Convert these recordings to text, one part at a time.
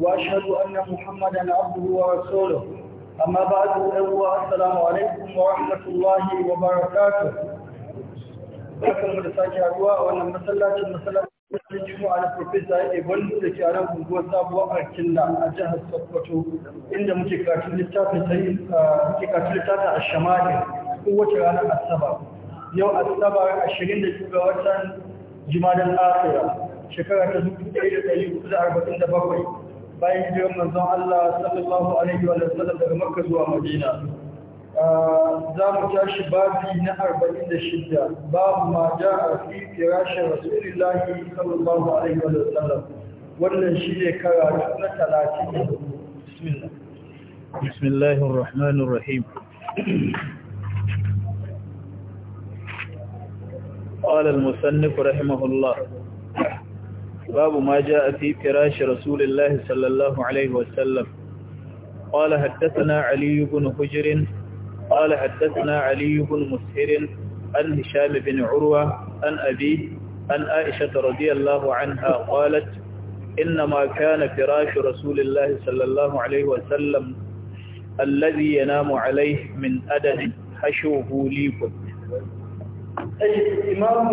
وأشهد أن محمدا عبده ورسوله أما بعد أيها السلام عليكم ورحمة الله وبركاته barkan da sake haduwa a wannan masallacin masallacin juma'a na profesa ya ibn da ke nan guguwar sabuwar arkilla a jihar sokoto inda muke karatu littafin sai muke karatu littafin a shamanin kowace ranar asaba yau asabar 20 ga watan jimadal asira shekara ta 1447 bayan hijirar manzon Allah sallallahu alaihi wa sallam daga Makka zuwa Madina za mu tashi babi na 46 babu ma ja'a fi firashin rasulillahi sallallahu alaihi wa sallam wannan shine karatu na 30 bismillah bismillahir rahmanir rahim قال المصنف رحمه الله باب ما جاء في فراش رسول الله صلى الله عليه وسلم قال حدثنا علي بن حجر قال حدثنا علي بن مسهر عن هشام بن عروة عن أبيه عن عائشة رضي الله عنها قالت إنما كان فراش رسول الله صلى الله عليه وسلم الذي ينام عليه من أدن حشوه ليكم أي الإمام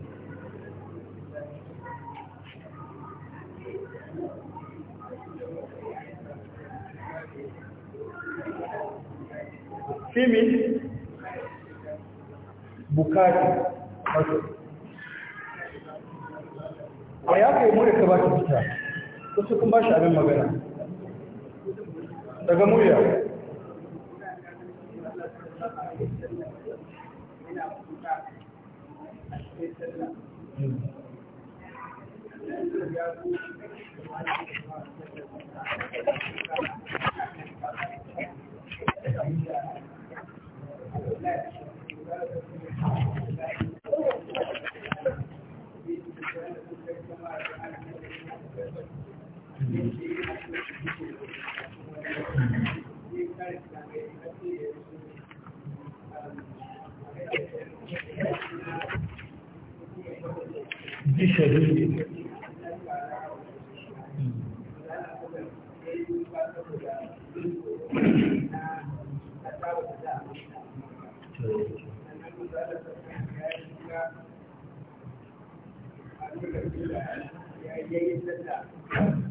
Fimi bukati a ya ke mure ka baki ki fita wasu kun ba shi abin magana daga murya Thank you. بشريك Thank you.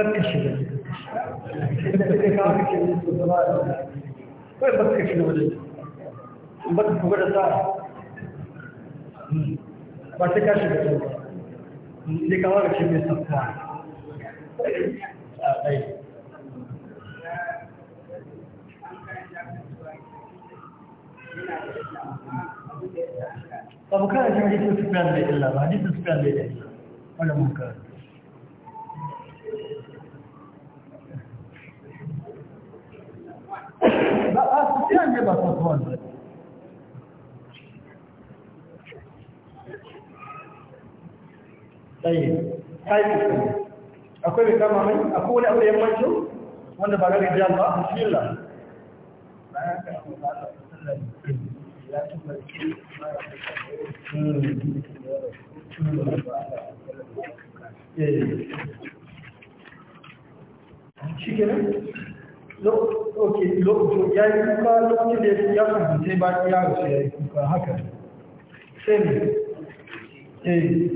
karka shiga inda suka kawo kake yi su zama da kawai ba suka shiga wajen in ba ka kuma da sa ba sai ka shiga wajen asociacja was odchodzi. Ɗaya, haifu akwai mai kama mai, akwai wani abu da yammanci wanda ba gari jan ba, a ya yi kuka lokacin da ya kasance ba ya rasu ya yi kuka haka sai ne eh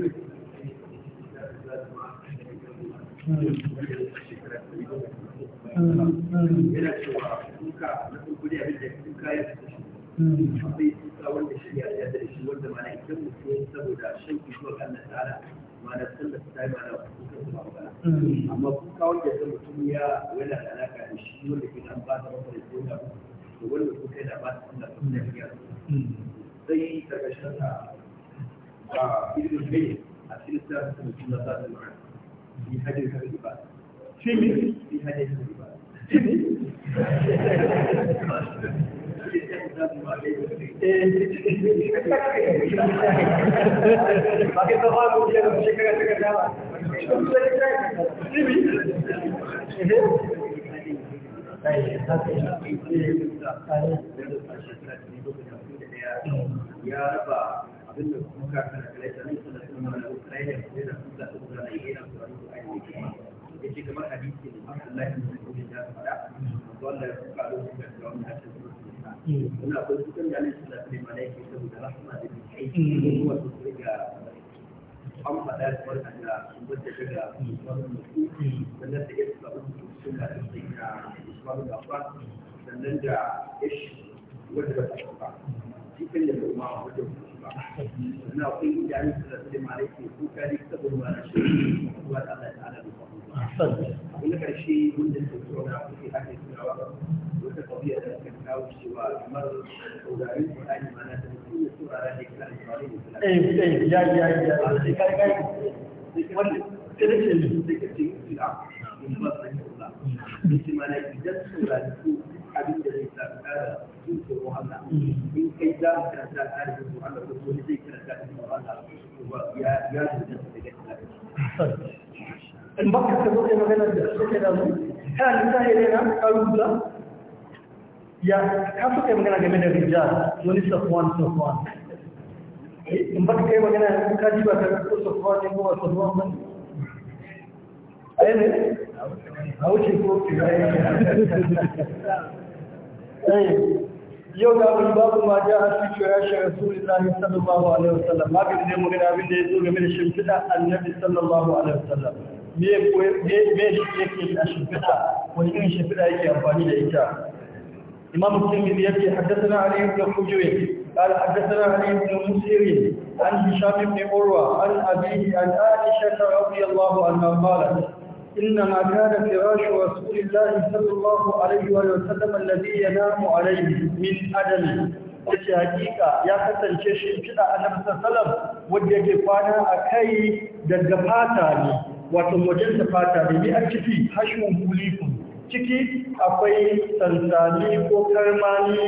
yana cewa kuka na kuka ya fi da kuka ya fi da shi kasa wanda shari'a ya da shi wanda mana idan mutum ya saboda shan zuwa ga Allah ta'ala mana sallar ta yi mana kuka su ba amma kuka wanda ya mutum ya yana da alaka da shi wanda ke an ba ta masa da zuwa to wanda kuka yana ba ta sallar ta da ya sai daga shan ta a ilimin kai a cikin sa su mutum na sa da ma'ana bi hajjin ka da ibada shi ne bi hajjin ka da ibada shi ne ya raba abin da kuma kafin da kalai sanin suna kuma da kalai da kuma da kuma da kuma da yana kuma da kuma da ya ce kamar hadisi ne Allah ya mutu da ya fara wanda ya fara da kuma da kuma da wani akwai cikin da alaihi salatu ne mana yake saboda rahama da bin kai ruwa su riga an faɗa da wata da sun da daga wani mutu sannan da ya suka mutu sun da ta sai na ismaru da ba sannan da ya shi wata da ta ba cikin da ba ma wata ba sannan akwai inda alaihi salatu ne mana yake kokari saboda wani shi kuma da Allah ta'ala da ba abin da karshe wanda ta tsoro na kuke ake tunawa wata kabiya da kawo cewa kamar saurarin Qur'ani ma na da mutum ya saurara da kira da saurarin Islam. Eh eh ya ya ya sai kai kai wannan sai da shi da ke cikin Islam in ba san Allah. Ni ma na idan saurari ko abin da zai tsara cikin tsoron Allah. In kai za ka karanta tsarin tsoron Allah ko wani zai karanta tsoron Allah ko ya ya da daga Islam. In baka ka zo kai magana da suke da mu kana lissafi ne na kawo ya ka suka yi magana game da rija wani safwan safwan eh, in ba ka yi magana ka ji ba ka ko safwan ne ko ba safwan ba ayyane eh, a wuce ko eh, yau da abin babu ma ja a cikin shirashin rasulullahi sallallahu alaihi wasallam ma ga ne magana abin da ya zo game da shimfiɗa annabi sallallahu alaihi wasallam me me shi yake a shimfiɗa wani irin shimfiɗa yake amfani da ita إمام الترمذي يبكي حدثنا علي بن حجر قال حدثنا علي بن مسهر عن هشام بن عروة عن أبيه عن عائشة رضي الله عنها قالت إنما كان فراش رسول الله صلى الله عليه وسلم الذي ينام عليه من أدم yace hakika ya kasance shi kida annabi sallallahu wanda yake kwana akai daga fata ne wato wajen da fata ne bi a ciki hashmun kulikun ciki akwai sansani ko karmani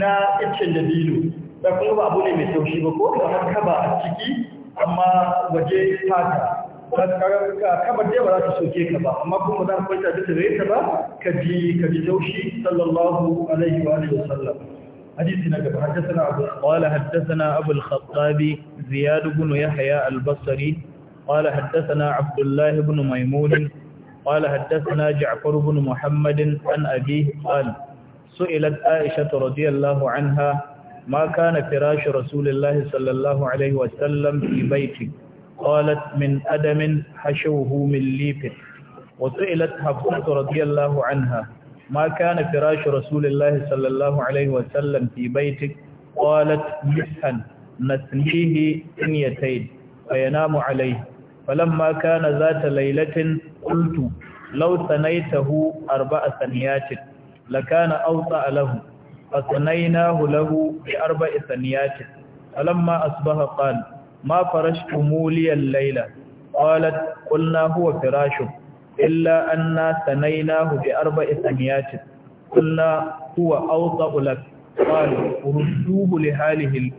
na icen da dilo da kuma ba abu ne mai taushi ba ko da haka ba a ciki amma waje fata kabar dai ba za ta soke ka ba amma kuma za ka kwanta duk da ta ba ka ji ka ji taushi sallallahu alaihi wa alihi wasallam حديث نجم حدثنا أبو قال حدثنا أبو الخطاب زياد بن يحيى البصري قال حدثنا عبد الله بن ميمون قال حدثنا جعفر بن محمد عن أبيه قال سئلت عائشة رضي الله عنها ما كان فراش رسول الله صلى الله عليه وسلم في بيته قالت من أدم حشوه من ليف وسئلت حفصة رضي الله عنها ما كان فراش رسول الله صلى الله عليه وسلم في بيتك قالت مسحا نسنيه ثنيتين فينام عليه فلما كان ذات ليلة qultu law tahu arba'a saniyatin lakana awsa lahu fasanaynahu lahu bi arba'i saniyatin falamma asbaha qala ma farashtum li al-layla qalat qulna huwa firashun illa anna sanaynahu bi arba'i saniyatin qulna huwa awsa لحاله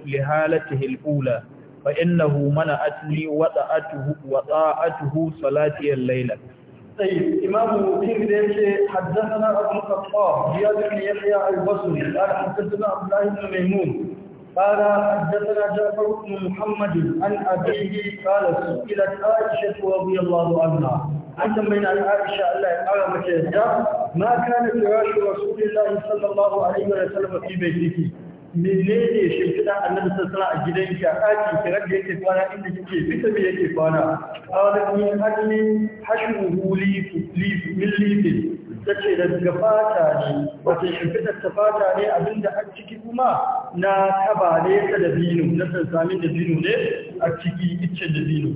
لحالته الأولى fa mana atli wata atuhu wata atuhu salatiyar laila sai imamu da yake haddasa na abu kafa biya duka ya tsaya a wasu ne da haddasa na abu lahi na maimun ƙara haddasa na jafar mu muhammadu an abiyi ƙara su ta aisha tuwa biya allahu anna an tambayi na aisha allah ya ƙara mace yadda ma kana firashi rasulillahi sallallahu alaihi wa sallam a fi bai fiki menene shimfiɗa annabi sassara a gidan ki a ɗakin ki rabbi yake kwana inda kike fita me yake kwana qala min ajli hashruhu li min lifin tace da daga fata ne wata shimfiɗa ta fata ne abinda a ciki kuma na kaba ne ta dabino na sansamin dabino ne a ciki iccen dabino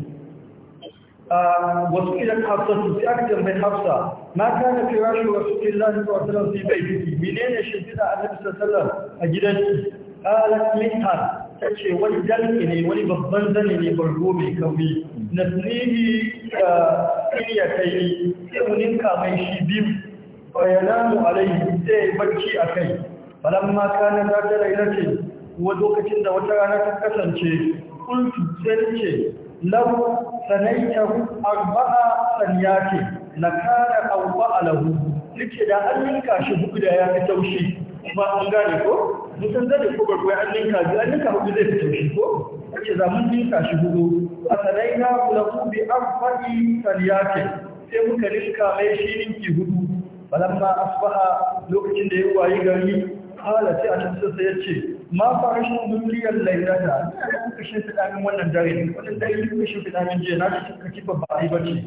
wasu idan hafsatu sai aka tambayi hafsa ma kana firashi rasulullahi sallallahu alaihi wasallam fi baiti menene shimfida annabi sallallahu alaihi wasallam a gidanki qalat mithal ta ce wani dalki ne wani babban zane ne bargo mai kauri na sinihi da siniya ta yi tsimunin kamar shi biyu bayana mu alai sai barci a kai falon maka na zata raina ce kuma lokacin da wata rana ta kasance kultu sai ce lau sanaitahu arba'a ce, na saniyati lakana arba'a lahu nake da an ninka shi hudu da ya fi taushe. kuma an gane ko mutum zai ko barkwai an ninka biyu an ninka hudu zai fi taushe ko ake za mun ninka shi hudu a sanai sanaita lahu bi arba'i ce. sai muka ninka mai shi ninki hudu balamma asbaha lokacin da ya wayi gari kala ce a tabbata sai ya ce ma farashin duniyar lailata ina da kuka shi fidamin wannan dare wannan dare kuka shi fidamin jiya na da kuka kifa ba a yi bace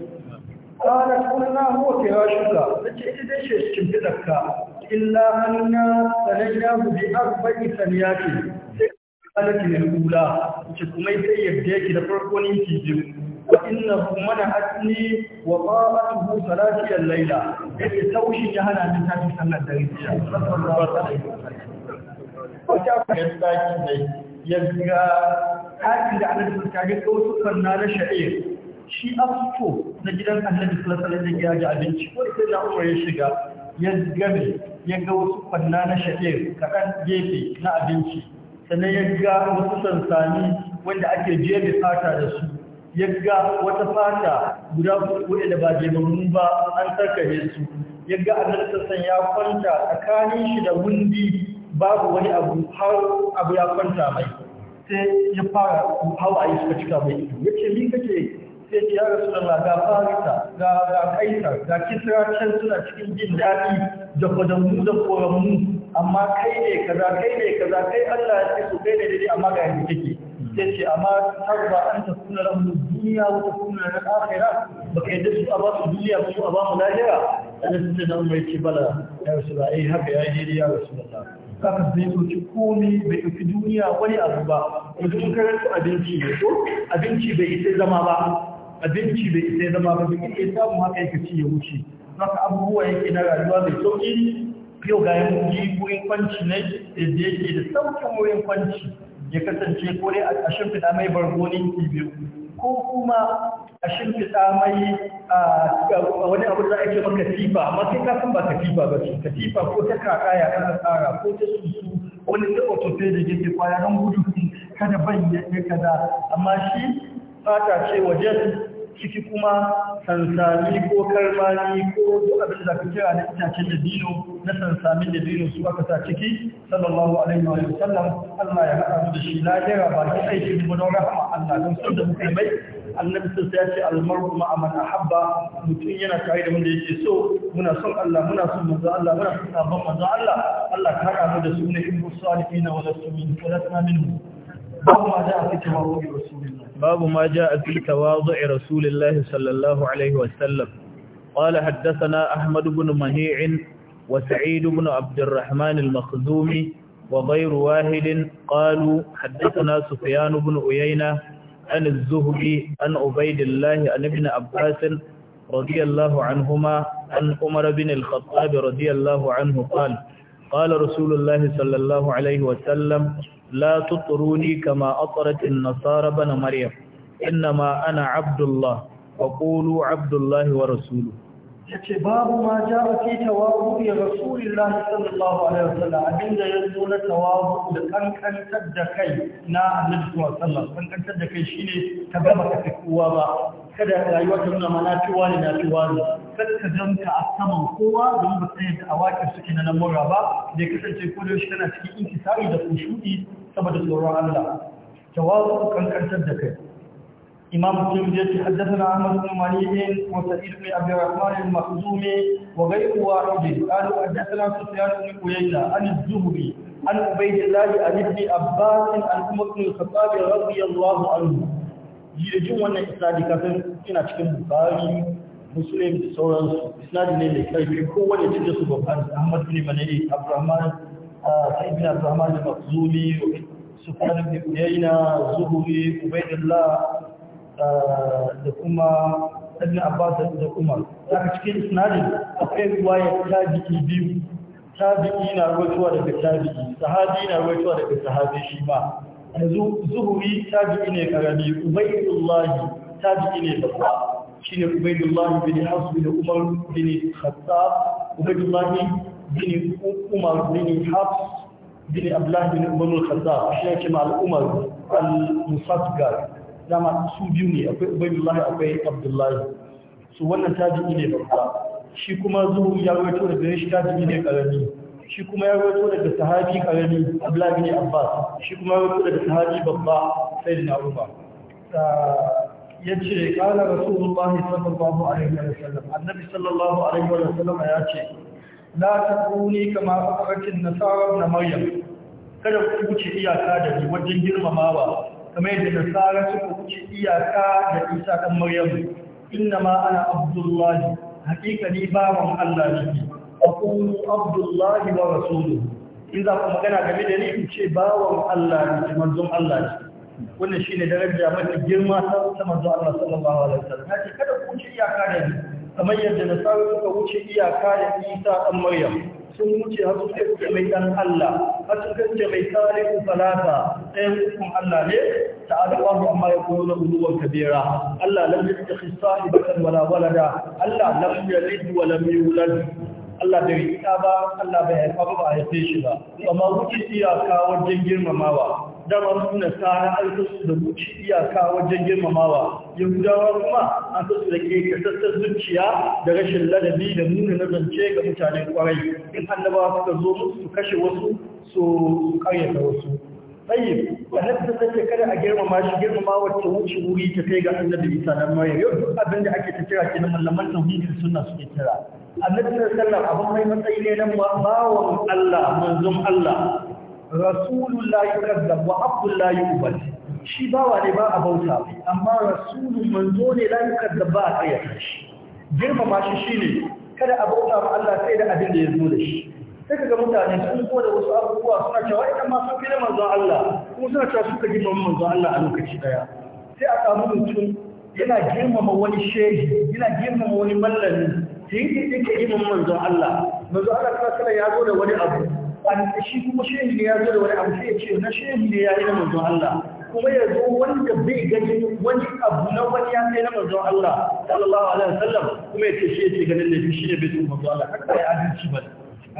kana kunna huwa firashuka nace ita dai shi cikin fidarka illa anna sanayna bi arba'i saniyati alati lil ula ce kuma sai yadda yake da farko ne ki ji wa innahu mana'atni wa qamatuhu salati al-laila yake taushi jahannam ta fi sallar dare sallallahu alaihi wata kan daki ne ya ga ɗakin da annabi sun kage ɗautukan na na sha'ir shi afto na gidan annabi sallallahu alaihi wasallam ya ji abinci ko sai da umar ya shiga ya gabe ya ga wasu kwanna na sha'ir kaɗan gefe na abinci sannan ya ga wasu sansani wanda ake jebe fata da su ya ga wata fata guda kuɗe da ba jebammu ba an sarkare su ya ga annabi sassan ya kwanta tsakanin shi da wundi babu wani abu har abu ya kwanta mai sai ya fara yi suka cika mai ido ya ce mi kake sai ce ya rasu da ga farita ga kaita ga kisra can suna cikin jin daɗi da kwadamu da koranmu amma kai ne kaza kai ne kaza kai allah ya ce su kai ne daidai amma ga yanzu kake sai ce amma ba an ta kuna ramu duniya wata kuna na akira ba ka yadda su a ba su duniya ba su a ba mu lahira ana sun ce na umar ce bala ya rasu da ai haka ya yi daidai ya rasu ta. kaka zai ɗauki komi bai ɗauki duniya wani abu ba yanzu mun karanta abinci ne ko abinci bai isa zama ba abinci bai isa zama ba bai isa samun haka yake ci ya wuce zaka abubuwa yake na rayuwa mai sauƙi yau ga yi mugi wurin kwanci na da yake da sauƙin wurin kwanci ya kasance ko dai a shimfiɗa mai bargo ne ko kuma a shimfiɗa mai wani abu za a ce maka tifa amma sai ka san ba katifa ba ce katifa ko ta kaka ya kana tsara ko ta susu wani ta otofe da kwaya don gudu kada ban ya kaza amma shi fata ce wajen ciki kuma sansami ko karmani ko duk abin da ka kira na itacen dabino na sansamin dabino su aka sa ciki sallallahu alaihi wa sallam Allah ya haɗa mu da shi lahira ba ki aiki mu don rahama Allah don sun da muka mai annabi sun ya ce almar'u ma man ahabba mutum yana tare da wanda yake so muna son Allah muna son manzo Allah muna son sabon manzo Allah Allah ka haɗa mu da sunan ibnu salihin wa lasu min kalatna minhu باب ما جاء في تواضع رسول الله صلى الله عليه وسلم قال حدثنا أحمد بن مهيع وسعيد بن عبد الرحمن المخزومي وغير واحد قالوا حدثنا سفيان بن أيينة عن الزهري عن عبيد الله عن ابن عباس رضي الله عنهما عن عمر بن الخطاب رضي الله عنه قال قال رسول الله صلى الله عليه وسلم la tuturuni kama atsarat an bana maryam innama ana abdullah wa qulu wa rasuluhu yace babu ma ja'a fi tawabu ya rasulullahi sallallahu alaihi wasallam abinda yazo na tawabu da kankantar da kai na annabi sallallahu alaihi wasallam kankantar da kai shine ka gaba ka kowa ba kada rayuwar ta nuna mana tuwa ne na tuwa ne kada zanka a saman kowa domin ba sai da awakin suke na nan murra ba da kasance ko da tana kana cikin intisari da kushudi saboda tsoron Allah tawazu kankantar da kai imam muslim ya ce haddathana ahmad bin malik wa sa'id bin abi rahman al mahzumi wa ghayru wahid qalu haddathana sufyan bin uyayna an az-zuhri an ubayd allah an ibn abbas an umar bin khattab radiyallahu anhu jin wannan isnadi kasan ina cikin bukari muslim da sauransu isnadi ne mai karfi kowane cikin su babban ahmad bin manai abdurrahman ah, sa'id bin abdurrahman al-makhzumi sufyan bin uyayna zuhri UbaidulLah, ah, da kuma ibn abbas da kuma daga cikin isnadin akwai riwaya tabi'i biyu tabi'i na ruwaitowa daga tabi'i sahabi na ruwaitowa daga sahabi shi ma yanzu zuhuri tabi'i ne karami ubaidullahi tabi'i ne babba shine ubaidullahi bin hasu bin umar bin khattab ubaidullahi bin umar bin hafs bin abdullah bin umar bin khattab shi yake ma al'umar al-musadgar dama su biyu ne akwai ubaidullahi akwai abdullahi su wannan tabi'i ne babba shi kuma zuhuri ya rawaito da shi tabi'i ne karami shi kuma ya rawaito daga sahabi karami Abdullahi bin Abbas shi kuma ya rawaito daga sahabi babba Sayyidina Umar yace qala Rasulullahi sallallahu alaihi wa sallam annabi sallallahu alaihi wa sallam ya ce la taquni kama aqratin nasara na Maryam kada ku wuce iyaka da ni wajen girmamawa kamar yadda nasara suka wuce iyaka da Isa kan Maryam inna ma ana Abdullahi hakika ni bawan Allah ne aqulu abdullahi wa rasuluhu in za ku magana game da ni in ce bawan Allah ne manzon Allah ne wannan shine daraja mafi girma ta manzon Allah sallallahu alaihi wasallam haji kada ku wuce iyaka da ni kamar yadda na nasaru suka wuce iyaka da Isa dan Maryam sun wuce har sun kai mai dan Allah har sun kai mai salihu salata ɗayan hukun Allah ne ta'ala Allahu amma ya koyo uluwan kabira Allah lam yattakhis sahibatan wala walada Allah lam yalid wa lam yulad Allah bai rika ba Allah bai haifa ba ba a haife shi ba amma wuce iyaka wajen girmamawa dama suna tsara an su da wuce iyaka wajen girmamawa yahudawa kuma an su da ke kasastar zuciya da rashin ladabi da nuna na zance ga mutanen kwarai in annabawa suka zo musu su kashe wasu su karyata wasu tsayin wadanda take kada a girmama shi girmama wacce wuce wuri ta kai ga annabi isa na maryam yau duk abin da ake ta kira kenan mallaman tauhidi sunna suke kira annabi sallallahu abin mai matsayi ne nan bawon Allah manzon Allah rasulullah yukazzab wa Abdullahi yubal shi bawa ne ba a bauta amma rasulun manzo ne la yukazzab ba a tsaya shi girmama shi shine kada a bauta ma Allah sai da abin da ya zo da shi sai kaga mutane sun zo da wasu abubuwa suna cewa idan ma sun kira manzon Allah kuma suna cewa suka girmama manzon Allah a lokaci daya sai a samu mutum yana girmama wani shehi yana girmama wani mallami tinki tinki imin manzon Allah manzon Allah sallallahu alaihi ya zo da wani abu an shi kuma shehi ne ya zo da wani abu sai ya ce na shehi ne ya yi na manzon Allah kuma ya zo wanda bai gani wani abu na wani ya kai na manzon Allah sallallahu alaihi wasallam kuma ya ce shi yake ganin ne shi ne bai tun manzon Allah haka ya adalci ba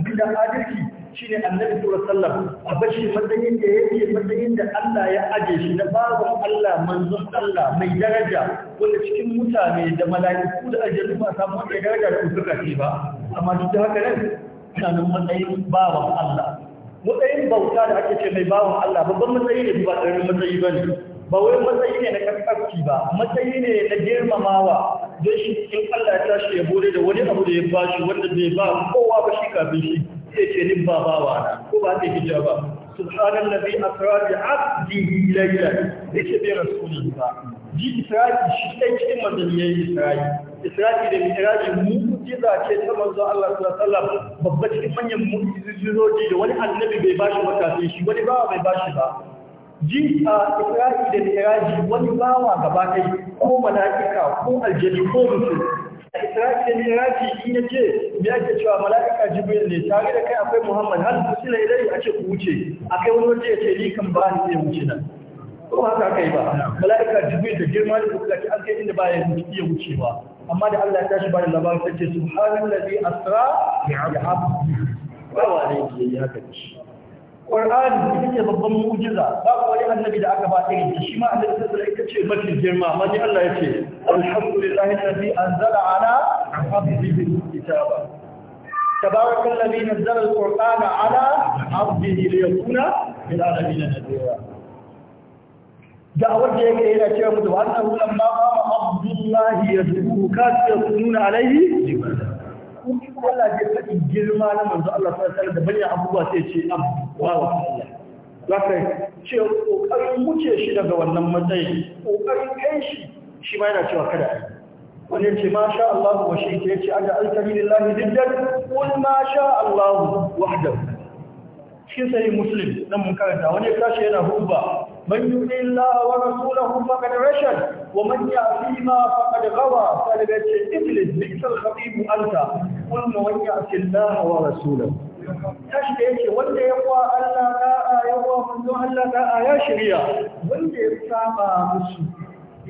abinda adalci shine annabi sallallahu alaihi wasallam a bashi matsayin da yake matsayin da Allah ya aje shi na babu Allah manzon Allah mai daraja wanda cikin mutane da mala'iku da aljanu ba samu wanda ya daraja da suka ce ba amma duk da haka nan ina nan matsayin bawan Allah matsayin bauta da ake ce mai bawan Allah babban matsayi ne ba ƙaramin matsayi ba ba wai matsayi ne na karkarci ba matsayi ne na girmamawa don shi in Allah ya tashi ya bude da wani abu da ya bashi wanda bai ba kowa ba shi kafin shi sai ce ni ba bawa na ko ba ta kija ba subhanallahi asra bi abdihi layla yace bi rasulihi ba ji isra'i shi ɗan cikin manzanni ya yi isra'i isra'i da miraji mu'jiza ce ta manzo Allah sallallahu alaihi babba cikin manyan mu'jizoji da wani annabi bai bashi ba kafin shi wani bawa bai bashi ba ji a isra'i da miraji wani bawa gaba kai ko mala'ika ko aljani ko mutum isra'i da miraji in ya ce me ake cewa mala'ika jibril ne tare da kai akwai muhammad har su sila ilai a ce ku wuce akai wani waje ya ce ni kan ba ni zai wuce nan ko haka aka yi ba mala'ika jibril da girma da kuka an kai inda ba ya iya wucewa amma da Allah ya tashi ba da labarin sai ce subhanallazi asra bi abdi ba wa ne ke haka kace Qur'ani ita ce babban mu'jiza ba wani annabi da aka ba irin shi ma annabi sallallahu alaihi ita ce mafi girma manzo Allah ya ce alhamdulillahi alladhi anzala ala abdihi kitaba تبارك الذي نزل القرآن على عبده ليكون من العالمين نذيرا da'awar da yake yana cewa mutu wa annahu lamma qama abdullahi yad'u kafiya sununa alaihi Allah ya faɗi girma na manzo Allah sallallahu alaihi wasallam da bayan abubuwa sai ce abu wa wa Allah zaka ce kokarin wuce shi daga wannan matsayi kokarin kai shi shi ma yana cewa kada wani ce ma sha Allah wa shi ke ce aja alkari lillahi diddan qul ma sha Allah wahdahu cikin sai muslim dan mun karanta wani kashi yana huba من يطع الله ورسوله فقد رشد ومن يعصيهما فقد غوى فلقد ابلس بئس الخطيب انت قل من يعص الله ورسوله tashi da wanda ya kwa Allah da'a a kwa manzon Allah a ya shirya wanda ya saba musu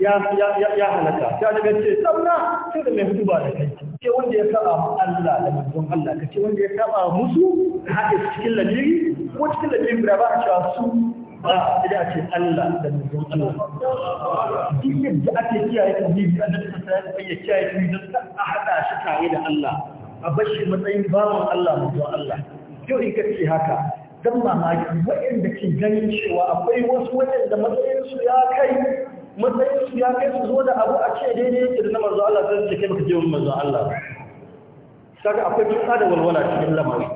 ya halaka ta daga ce tsamna sai da mai ba da kai ce wanda ya saba mu Allah da manzon Allah kace wanda ya saba musu haɗe cikin ladiri ko cikin ladiri ba a cewa su ba sai a ce Allah da mutum Allah duk yadda ake kiyaye da annabi ta alaihi wasallam ya kiyaye tauhidi don a hada shi tare da Allah a bashi matsayin bawan Allah mutum Allah yau in ka ce haka dan mamaki waɗanda ke ganin cewa akwai wasu waɗanda matsayinsu ya kai matsayinsu ya kai su zo da abu a ce daidai yake da na manzo Allah sai ce kai baka je manzo Allah kaga akwai cuta da walwala cikin lamarin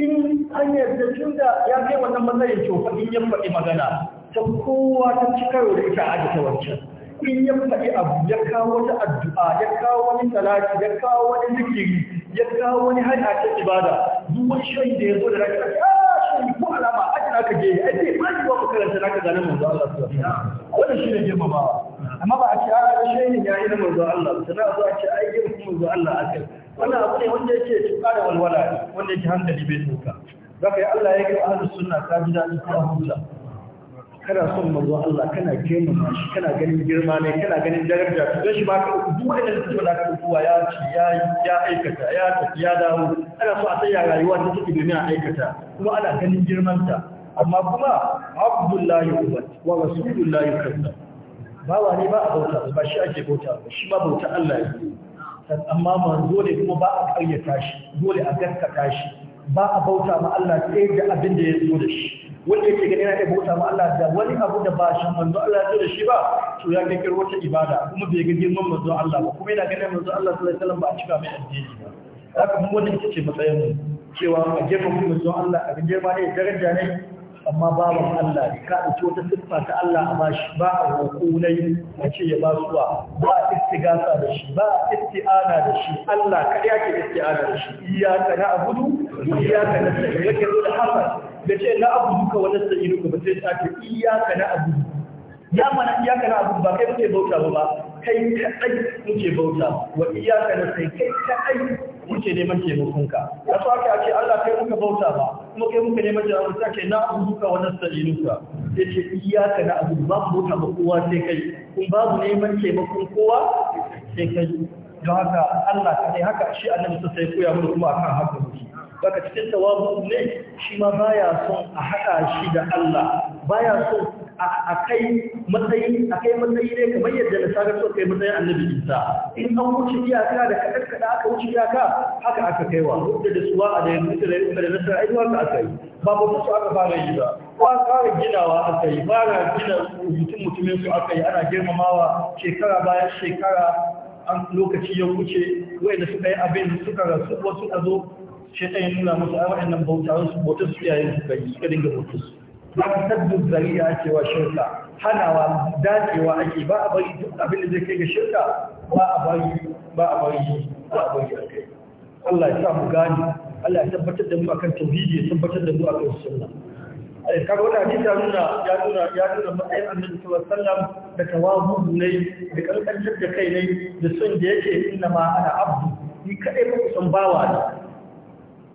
in an yarda tun da ya kai wannan matsayin cofa in ya faɗi magana ta kowa ta ci karo da ita a ta wancan in ya faɗi abu ya kawo wata addu'a ya kawo wani salati ya kawo wani zikiri ya kawo wani hanya ta ibada duk wani shayi da ya zo da raka ta shayi ko alama a jina ka je ai bai ba ki ba makaranta naka zanen manzo Allah sallallahu alaihi wasallam wannan shine ba, amma ba a ce a ne ya yi na manzo Allah sannan a zo a ce ai girmamawa manzo Allah akai wannan abu ne wanda yake tuka da walwala ne wanda yake hankali bai tuka zaka yi Allah ya ga ahlus sunna ta ji dadi ta huta kana son manzo Allah kana girmama shi kana ganin girma ne kana ganin daraja to dan shi ba ka duk wanda da zuwa ka kuwa ya ci ya ya aikata ya tafi ya dawo ana so a tsaya rayuwa ta take domin a aikata kuma ana ganin girman ta amma kuma abdullahi ubat wa rasulullahi kaza Ba wani ba a bauta ba shi ake bauta ba shi ba bauta Allah yi. amma manzo dole kuma ba a ƙayyata shi dole a gaskata shi ba a bauta ma Allah sai da abin da ya zo da shi wanda yake gani yana da bauta ma Allah da wani abu da ba shi manzo Allah ya zo da shi ba to ya kirkiro wata ibada kuma bai ga girman manzo Allah ba kuma yana ganin manzo Allah sallallahu alaihi wasallam ba a cika mai addini ba haka kuma wannan ita ce matsayin cewa a gefen manzo Allah a gaje ba ne daraja ne amma babu Allah da ka ɗauki wata siffa ta Allah a bashi ba a hukunai a ce ya ba suwa ba a istigasa da shi ba a isti'ana da shi Allah kaɗai ake isti'ana da shi ka na abudu ka na sai yake zo da hasan da ce na abudu ka wani sa'idu ka ba sai ta ce ka na abudu ya mana iya ka na abudu ba kai muke bauta ba ba kai ai muke bauta wa ka na sai kai ai. muke neman taimakonka da su aka ce Allah kai muka bauta ba kuma kai muka neman jama'a ta ke na abubuwa wannan salinuka ya ce iyaka na abu babu bauta ba kowa sai kai kun babu neman taimakon kowa sai kai don haka Allah kai haka shi annabi sai koya mana kuma akan haka muke baka cikin tawabu ne shi ma baya son a haɗa shi da Allah baya son a kai matsayi ne kamar yadda na sa so kai matsayin annabi isa in an wuce iyaka da kaɗan kaɗa aka wuce iyaka haka aka kaiwa wanda da suwa a da yanzu da yanzu da aiwa ka aka yi ba ba su aka fara yi ba an fara ginawa aka yi fara gina mutum mutumin su aka yi ana girmamawa shekara bayan shekara an lokaci ya wuce wanda suka yi abin suka rasu wasu a zo shi nuna musu a waɗannan bautar su bautar su iyayen su kai suka dinga bautar su ba saddu zariya ake wa shirka hanawa dacewa ake ba a bari duk abin da zai kai ga shirka ba a bari ba a bari ba a bari a kai Allah ya sa mu gani Allah ya tabbatar da mu akan tauhidi ya tabbatar da mu akan sunna ai eh, kaga wannan hadisi ya nuna ya nuna ya nuna matsayin Annabi sallallahu alaihi wasallam da tawazu ne da kankantar da kai ne da son da yake inna ma ana abdu ni kadai ba kusan bawa ne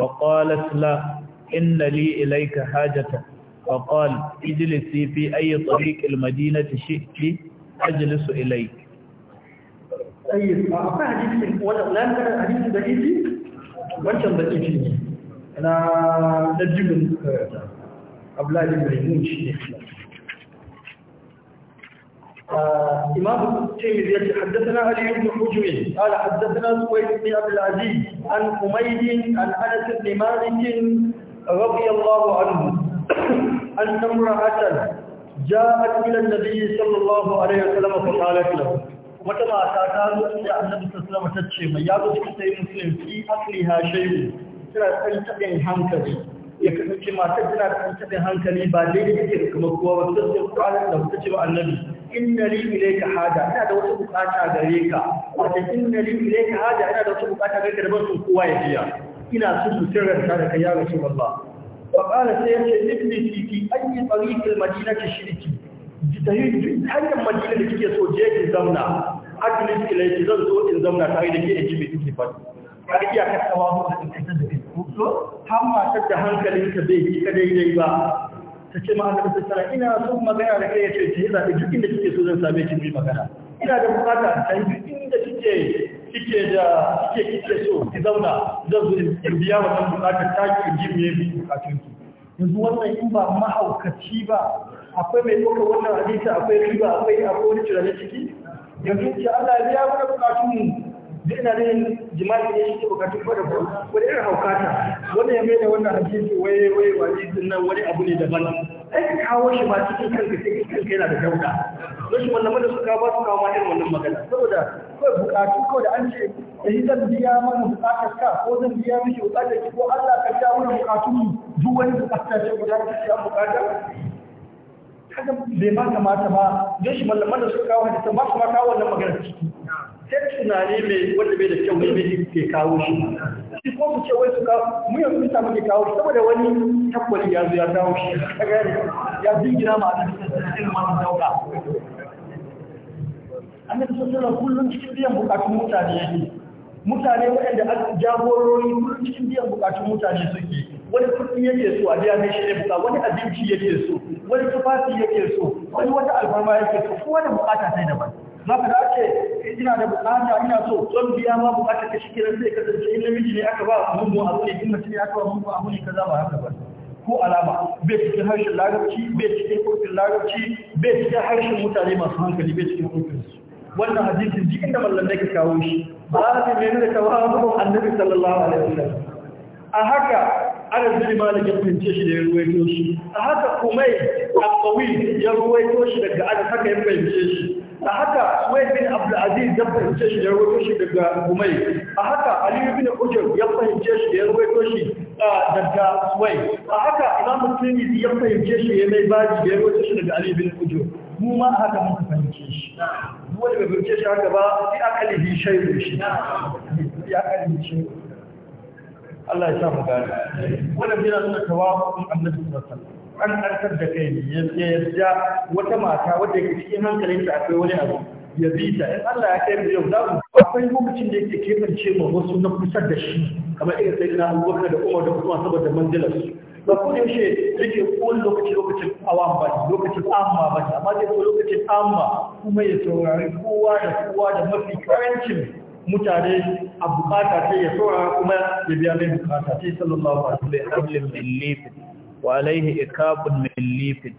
فقالت لا إن لي إليك حاجة فقال اجلسي في أي طريق المدينة شئت أجلس إليك طيب أعطى حديث ولا لا كان حديث دقيقي wancan baki shi na na jibin abdullahi mai mun shi ne إمام الترمذي حدثنا علي بن حجر قال حدثنا سويد بن عبد العزيز عن حميد عن أنس بن مالك رضي الله عنه أن امرأة جاءت إلى النبي صلى الله عليه وسلم فقالت له wata mata ta zo da annabi sallallahu alaihi wasallam ta ce mai ya zo cikin sai muslim fi akliha shay'un tana tsantsabin hankali ya kasance matar tana kan tabin hankali ba daidai take da kuma kowa ba sai Qur'ani da muka ce ba annabi inna li ilayka hada ina da wata bukata gare ka wato inna li ilayka hada ina da wata bukata gare ka da ban kowa ya biya ina son su ranta da ta kai ya Rasulullah فقال سيدي ابني في أي طريق المدينة شركي jitahi hanyar madina da kike so je ki zamna ajlis ilai zan zo in zamna tare da ke da jibi kike fadi ka iya kasawa mu da kanta da to har matar da hankalinka bai yi ka daidai ba ta ce ma annabi sallallahu ina son magana da kai ya ce ki zabi duk inda kike so zan same ki mu magana ina da bukata ta yi duk inda kike kike da kike kike so ki zauna zan zo in biya wannan bukatar ta ki ji me bukatun ki yanzu wannan in ba mahaukaci ba akwai mai ɗaukar wannan hadisi akwai riba akwai akwai wani tunanin ciki yanzu ki Allah ya biya mana bukatun mu duk ina jin jima'i ne shi ke bukatun fara ko wani irin haukata wani ya mai da wannan hadisi waye waye wani din nan wani abu ne daban ai ka kawo shi ba cikin kanka sai kanka yana da dauda don shi wannan mada suka ba su kawo ma irin wannan magana saboda kawai bukatu kawai da an ce eh zan biya mana bukatar ka ko zan biya miki bukatar ki ko Allah ka biya mana bukatun duk wani bukatar ce guda ta ce bukatar kada bai ba kamata ba don shi malaman da suka kawo hadisan ba su ma kawo wannan magana ciki sai tunani mai wanda bai da kyau mai mai ke kawo shi shi ko mu ce wai su ka mu yanzu ta muke kawo shi saboda wani tabbali ya zo ya kawo shi ka gani ya jingina ma a cikin masu dauka annabi sallallahu alaihi kullum cikin biyan bukatun mutane yake mutane waɗanda an jagorori kullum cikin biyan bukatun mutane suke wani kuɗi yake so a biya mai shi ne buka wani abinci yake so wani tufafi yake so wani wata alfarma yake so ko wani bukata sai daban maka da ake ina da bukata ina so son biya ma bukata ka shikira sai ka zance in namiji ne aka ba mummu abu ne in mace ne aka ba mummu abu ne kaza ba haka ba ko alama bai cikin harshen larabci bai cikin kurkin larabci bai cikin harshen mutane masu hankali bai cikin kurkin su wannan hadisin jikin da mallan da ka kawo shi ba a ne da kawo abubuwan annabi sallallahu alaihi wasallam a haka ana zuri malikin fahimce shi da ya ruwaito shi a haka kuma a kawai ya ruwaito shi daga ana haka ya fahimce shi a haka Suwaid bin Abdul Aziz ya fahimce shi da rawaito shi daga Umay a haka Aliyu bin Ujur ya fahimce shi da rawaito shi daga Suwaid a haka Imam Tirmidhi ya fahimce shi ya mai baji da rawaito shi daga Aliyu bin Ujur mu ma haka muka fahimce shi wanda bai fahimce shi haka ba fi akalihi shaydu shi ya akalihi shaydu Allah ya sa mu gane wannan yana nuna tawakkul annabi sallallahu alaihi wasallam an ƙanƙantar da kai ya yarda wata mata wadda ke cikin ta akwai wani abu ya bi ta in Allah ya kai mu yau mu akwai lokacin da yake kebance ma wasu na kusa da shi kamar irin sai na Abubakar da Umar da kuma saboda manzilar su ba ko yaushe yake ko lokacin lokacin awam ba lokacin amma ba amma dai ko lokacin amma kuma ya saurari kowa da kowa da mafi karancin mutane a bukata ta ya saurara kuma ya biya mai bukata sai sallallahu alaihi wa sallam wa alaihi ikabun min lifin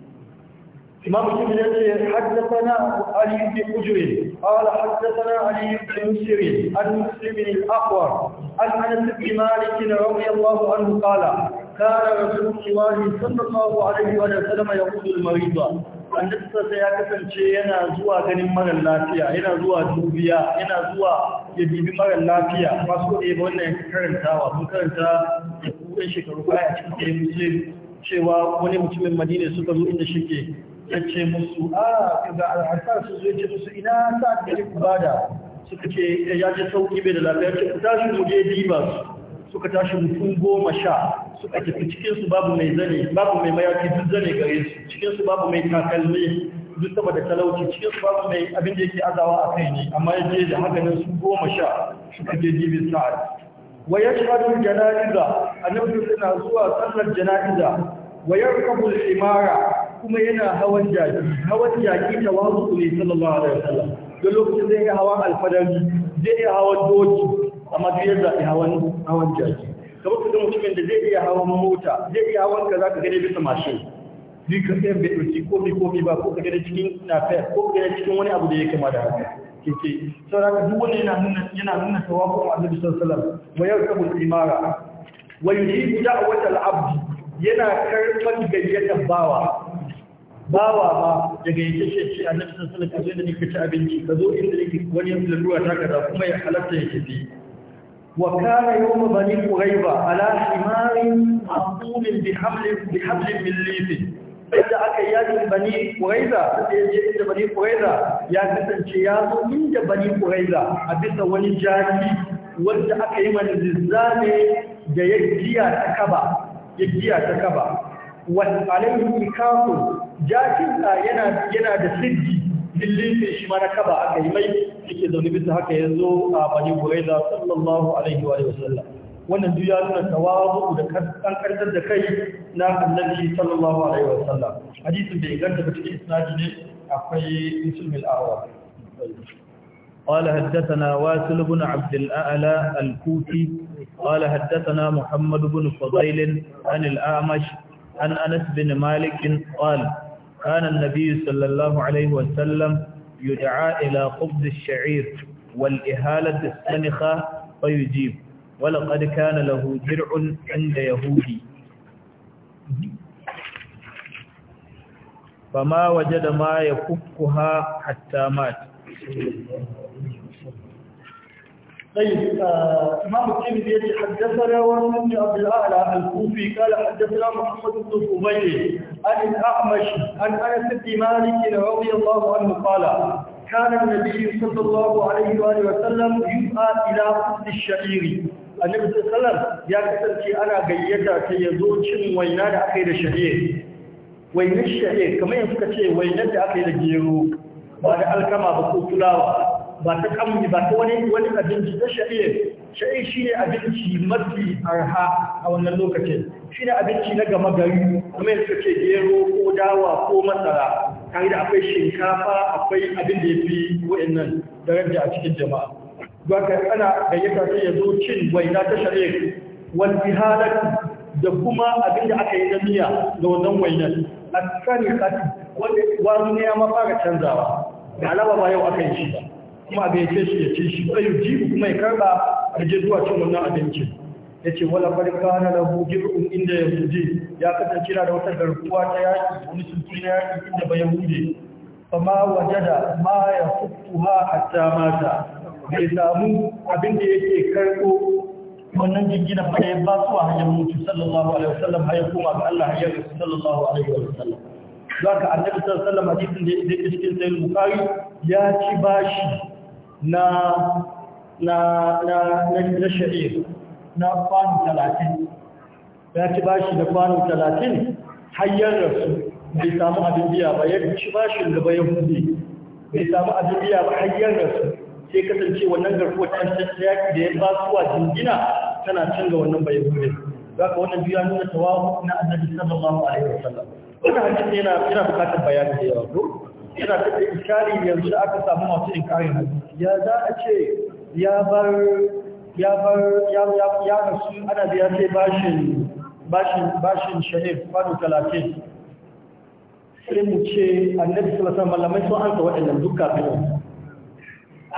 إمام الشافعي حدثنا علي بن حجر قال حدثنا علي بن مسر عن مسلم الأقوى عن أنس بن مالك رضي الله عنه قال كان رسول الله صلى الله عليه وسلم يقول المريض annabta ya kasance yana zuwa ganin marar lafiya yana zuwa dubiya yana zuwa ya bibi marar lafiya masu ɗaya wannan karantawa sun karanta da kuɗin shekaru baya cikin ɗaya musulmi cewa wani mutumin madina suka zo inda shike ya ce musu a ah, ga al'arfar su zo ce musu ina ta da ku bada suka ce eh, ya ce sauki bai da lafiya ce ku tashi mu je diba suka tashi mutum goma sha suka tafi cikinsu babu mai zane babu mai mayaki duk zane gare su cikinsu babu mai takalmi duk saboda da talauci cikin su babu mai abin da yake azawa a kai ne amma ya je da haganin su goma sha suka je dibin sa'ad Wayar yashhadu janaiza a annabi suna zuwa sallar janaiza Wayar yarkabu shimara kuma yana hawan jaki hawan jaki tawazu ne sallallahu alaihi wasallam duk lokacin da ya hawan alfadari zai iya hawan doki amma duk ya zaɓi hawan hawan jaki kamar kuma mutumin da zai iya hawan mota zai iya hawan ka za ka gane bisa mashin zai ka tsaye bai ɗauki kofi-kofi ba ko ka gane cikin nafe ko ka gane cikin wani abu da ya kama da haka kike saboda duk wanda yana nuna yana nuna tawafun Annabi sallallahu alaihi wasallam wa yarkabul imara wa yujibu da'watal abd yana karban gayyatar bawa bawa ba daga yake ce ce Annabi sallallahu alaihi wasallam da nake ci abinci Kazo inda nake wani lalura ta kaza kuma ya halatta ya tafi wa kana yawm bani quraiba ala himarin aqulin bihamlin bihamlin min lifin da aka yi bani kuraiza da ya je inda bani ya kasance ya zo inda bani kuraiza a bisa wani jaki wanda aka yi mana zizzame da ya giya ta kaba ya giya ta kaba wasu ikafun jakinsa yana yana da siddi lillifin shi ma na kaba aka yi mai yake zaune bisa haka ya zo a bani kuraiza sallallahu alaihi wa sallam wannan duk ya nuna tawazu da kankantar da kai na annabi sallallahu alaihi wasallam hadisin bai ganta ba cikin isnadi ne akwai musulmin arwa قال حدثنا واسل بن عبد الأعلى الكوفي قال حدثنا محمد بن فضيل عن الأعمش عن أنس بن مالك قال كان النبي صلى الله عليه وسلم يدعى إلى قبض الشعير والإهالة السنخة فيجيب ولقد كان له درع عند يهودي فما وجد ما يفكها حتى مات طيب آه، امام الترمذي حدثنا ورد بن عبد الاعلى الكوفي قال حدثنا محمد بن الزبير عن الاعمش عن انس بن مالك رضي الله عنه قال كان النبي صلى الله عليه واله وسلم يسعى الى قتل الشعير annabi sallallahu ya kasance ana gayyata ta yazo cin waina da aka yi da shahiye wainar shahiye kamar yanzu ka ce wainar da aka yi da gero ba da alkama ba ko fulawa ba ta kamni ba ta wani wani abinci ta shahiye shahiye shine abinci mafi arha a wannan lokacin shine abinci na gama gari kamar yanzu ka ce gero ko dawa ko masara tare da akwai shinkafa akwai abin da ya fi wa'annan daraja a cikin jama'a ba ka ana gayyata ta ya zo cin waina ta shari'a wal bihalat da kuma abin aka yi da miya ga wannan wainan asani kati wanda wani ne ya mafara canzawa da alama ba yau aka yi shi ba kuma abin ce shi ya ce shi ba ji kuma ya karba a zuwa cin wannan abincin ya ce wala farka na lahu inda ya hude ya kasance da wata garkuwa ta yaki wani sulki na inda bayan hude fama wajada ma ya fuktuha hatta mata bai samu abin da yake karko wannan jingina ba ya ba su a hanyar mutu sallallahu alaihi wasallam har ya koma ga Allah ya rasu sallallahu alaihi wasallam zaka annabi sallallahu alaihi wasallam hadisin da yake cikin sahih bukhari ya ci bashi na na na na sha'ir na kwano 30 ya ci bashi da kwano 30 har ya rasu bai samu abin biya ba ya ci bashin da bai hude bai samu abin biya ba har ya rasu sai kasance wannan garkuwa ta yaki da ya ba suwa jingina tana canza wannan bai gure za ka wannan biya nuna tawahu na annabi sallallahu alaihi wasallam wannan hadisi yana yana bukatar bayani da yawa ko yana da iskari yanzu da aka samu masu inkarin hadisi ya za a ce ya bar ya bar ya ya rasu ana biya sai bashin bashin bashin shahid kwano 30 sai mu ce annabi sallallahu alaihi wasallam malamai sun ka wadannan dukkan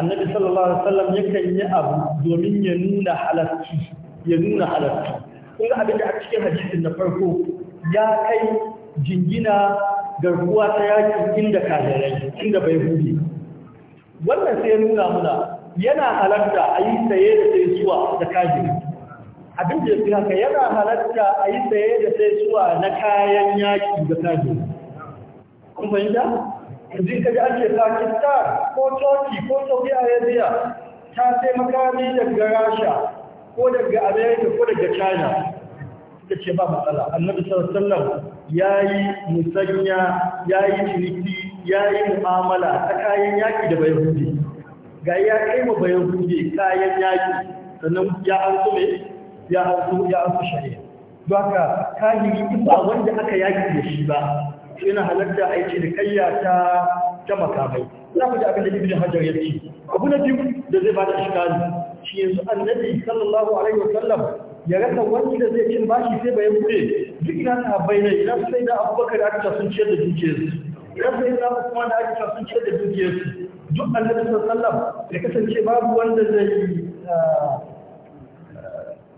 annabi sallallahu alaihi wasallam yakan yi abu domin ya nuna halatti ya nuna halatti kun ga abin da a cikin hadisin na farko ya kai jingina garkuwa ta yaki inda kafirai inda bai hudu wannan sai ya nuna muna yana halarta a yi saye da sai zuwa da kaji abin da ya haka yana halarta a yi saye da sai zuwa na kayan yaki da kaji kun fahimta ji ka ji ake pakistan ko turkey ko saudi arabia ta sai makami daga rasha ko daga america ko daga china suka ce ba matsala annabi sallallahu ya yi musanya ya yi ciniki ya yi mu'amala ta kayan yaki da bayan hudu ga ya kai ma bayan hudu kayan yaki. sannan ya an su ya an su ya an su shari'a don haka kahiri in ba wanda aka yaki da shi ba yana halatta a yi cinikayya ta ta makamai za ku ji abin da ibn hajar ya abu na biyu da zai bada iskali shi yanzu annabi sallallahu alaihi wasallam ya rasa wani da zai cin bashi sai bayan bude duk ina ta bayyana ne ina sai da abubakar da aka sun ciyar da dukiyarsu ina sai da kuma da aka sun ciyar da dukiyarsu duk annabi sallallahu ya kasance babu wanda zai eh,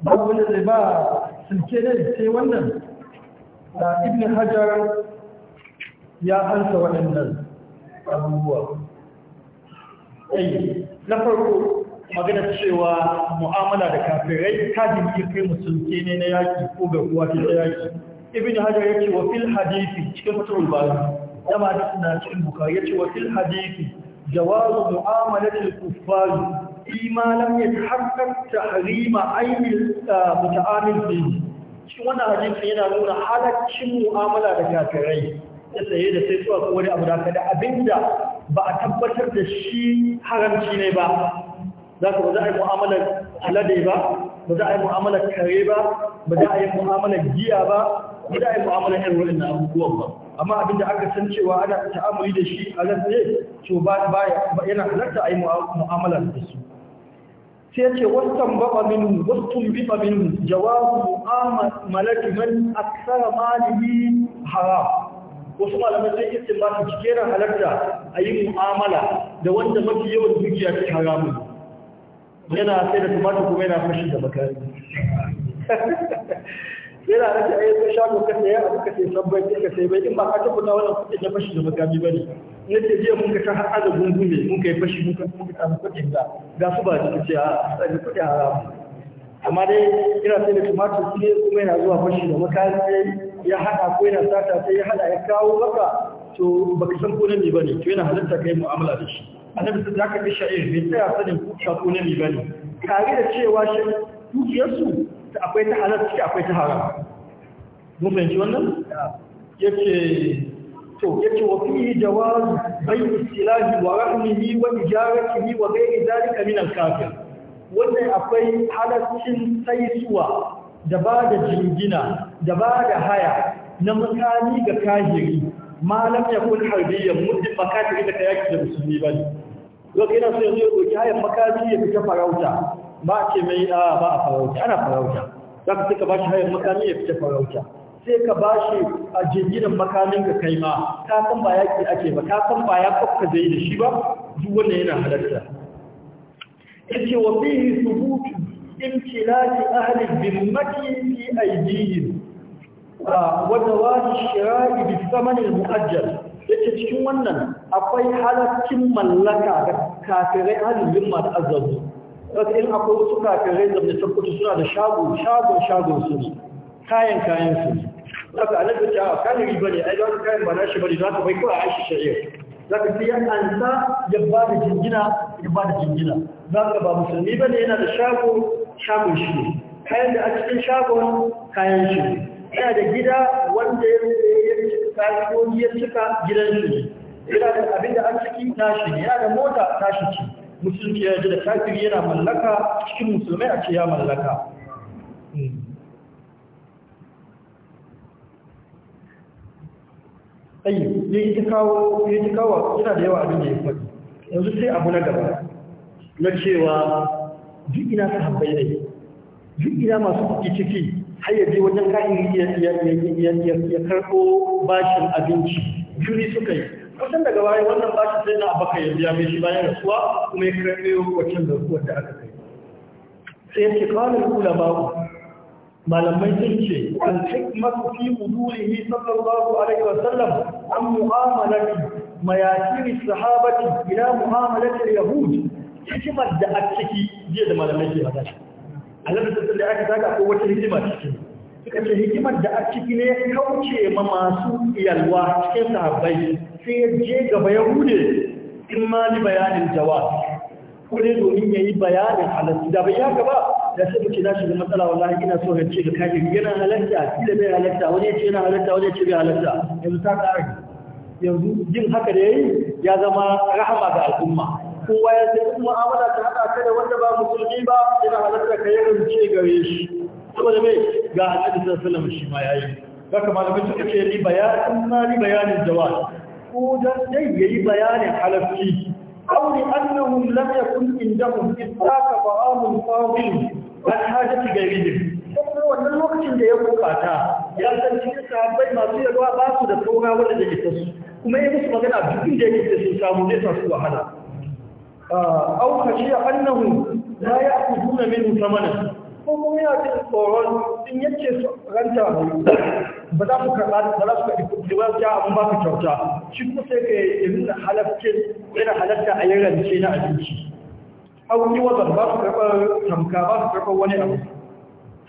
babu wanda zai ba sulke ne sai wannan ibn hajar ya ansa waɗannan abubuwa ai na farko magana cewa mu'amala da kafirai kadin kai musulke ne na yaki ko kuwa ta yaki ibn hajar ce wa fil hadithi cikin fatul bari dama da suna cikin ya ce wa fil hadisi jawazu mu'amalati al ya fi ma Harima yatahaqqaq da ayni ah, muta'amil bihi shi wannan hadithi yana nuna halaccin mu'amala da kafirai da saye da sai suwa wani abu da ka da abinda ba a tabbatar da shi haramci ne ba za ka ba za a yi mu'amalar alade ba ba za a yi mu'amalar kare ba ba za a yi mu'amalar giya ba ba za a yi mu'amalar yan wurin na abubuwan ba amma abinda aka san cewa ana ta'amuli da shi a nan ne to ba yana halarta a yi mu'amalar da su sai ce wasan baba minu wasan biba minu jawabu mu'amalati man aksara malihi haram wasu malamai sai istinbati cike kera halarta a yi mu'amala da wanda mafi yawan dukiya ta haramun yana sai da tumatir kuma yana fashi da bakari yana da yi ta shago ka saya abu ka sai sabbai sai ka sai bai in ba ka tabbata wannan kuɗin na fashi da ba bane ne ce jiya mun ka ta har da gungume mun kai yi fashi mun ka mun ka samu kuɗin da ga su ba su ce a tsari kuɗi haramu amma dai ina sai da tumatir ne kuma yana zuwa fashi da makari ya haɗa ko yana sata sai ya haɗa ya kawo maka to baka san ko nami bane to yana halitta kai mu'amala da shi annabi sai zaka ga sha'ir bai tsaya sanin kuka ko nami bane kare da cewa shi dukiyarsu ta akwai ta halal ciki akwai ta haram mun fahimci wannan yace to yace wa fi jawaz bai istilahi wa rahmihi wa ijaratihi wa ghairi dhalika min al-kafir wannan akwai halaccin saisuwa da ba da jingina da ba da haya na makami ga kahiri malam ya kun harbiya muddin makatiri da kayaki da musulmi ba ne lokacin yana so ya zo ya ɗauki hayan makami ya fita farauta ba ce mai a ah, ba a farauta ana farauta za ka suka ba shi hayan makami ya fita farauta sai ka ba shi a jinginan makamin ka kai ma ka san ba yaƙi ake ba ka san ba ya kwafka zai da shi ba duk wannan yana halarta yace wa fihi subut imtilaki ahli bimmati fi aydihim wa dawa'i shira'i bi thamani al-mu'ajjal yace cikin wannan akwai halaccin mallaka ga kafirai ahli bimma da azzabu wato in akwai wasu kafirai da mutum kudu suna da shago shago shago su kayan kayan su saka annabi ta kan riba ne ai wani kayan ba na shi bane za ta bai kawai aishi shari'a zaka sai an ya jingina ya ba ba musulmi bane yana da shago shagon shi ne kayan da a cikin shagon kayan shi yana da gida wanda ya cika kayan ko ya cika gidan shi yana da abin da an ciki tashi ne yana da mota tashi ce musulunci ya ji da kafin yana mallaka cikin musulmai a ce ya mallaka hmm. ayi ya ta kawo ya ta kawo yana da yawa abin da ya faɗi yanzu sai abu na gaba na cewa duk ina ta habbai ne duk ina masu kuɗi ciki har ya je wajen ka'iri ya karɓo bashin abinci juri suka yi kusan daga baya wannan bashin sai na abaka ya biya mai shi bayan rasuwa kuma ya karɓe wancan garkuwar da aka kai sai ya ce kula ba ku? malamai sun ce al-hikmatu fi wudulihi sallallahu alaihi wa sallam an mu'amalati mayakiri sahabati ila mu'amalati yahud hikimar da a ciki jiya da malamai ke magana annabi sassan da aka saka ko wata hikimar ciki suka ce hikimar da a ciki ne kauce ma masu yalwa cikin sahabbai sai je gaba ya hude in ma ni bayanin jawa ko ne domin ya yi bayanin halatta da bayan gaba da sai muke na shiga matsala wallahi ina so in ce ga kafin yana halatta kila bai halatta wani ya ce yana halatta wani ya ce bai halatta yanzu ta ƙara yanzu jin haka da ya yi ya zama rahama ga al'umma kowa ya sai in mu'amala ta haɗa ka da wanda ba musulmi ba yana halatta ka yi rance gare shi saboda mai ga annabi sallallahu alaihi shi ma yayi haka malamin suka ce ni bayanin na ni bayanin jawab ko dan dai yayi bayanin halafci أو لأنهم لم يكن عندهم إطلاق طعام فاضل عن غيرهم kuma wannan lokacin da ya bukata ya san cikin masu yarwa ba su da tsora wanda da ke tasu kuma ya musu magana duk inda yake sun samu sa wahala au ya fi la ya'khuduna minhu mana? ko kuma ya ji tsoron in yace ranta ba za ku karɓa ba za su ka kuɗi ba za abin ba ka kyauta shi kuma sai ka yi nuna halarcin yana halarta a yin rance na abinci auki wazan ba su karɓar tamka ba su karɓar wani abu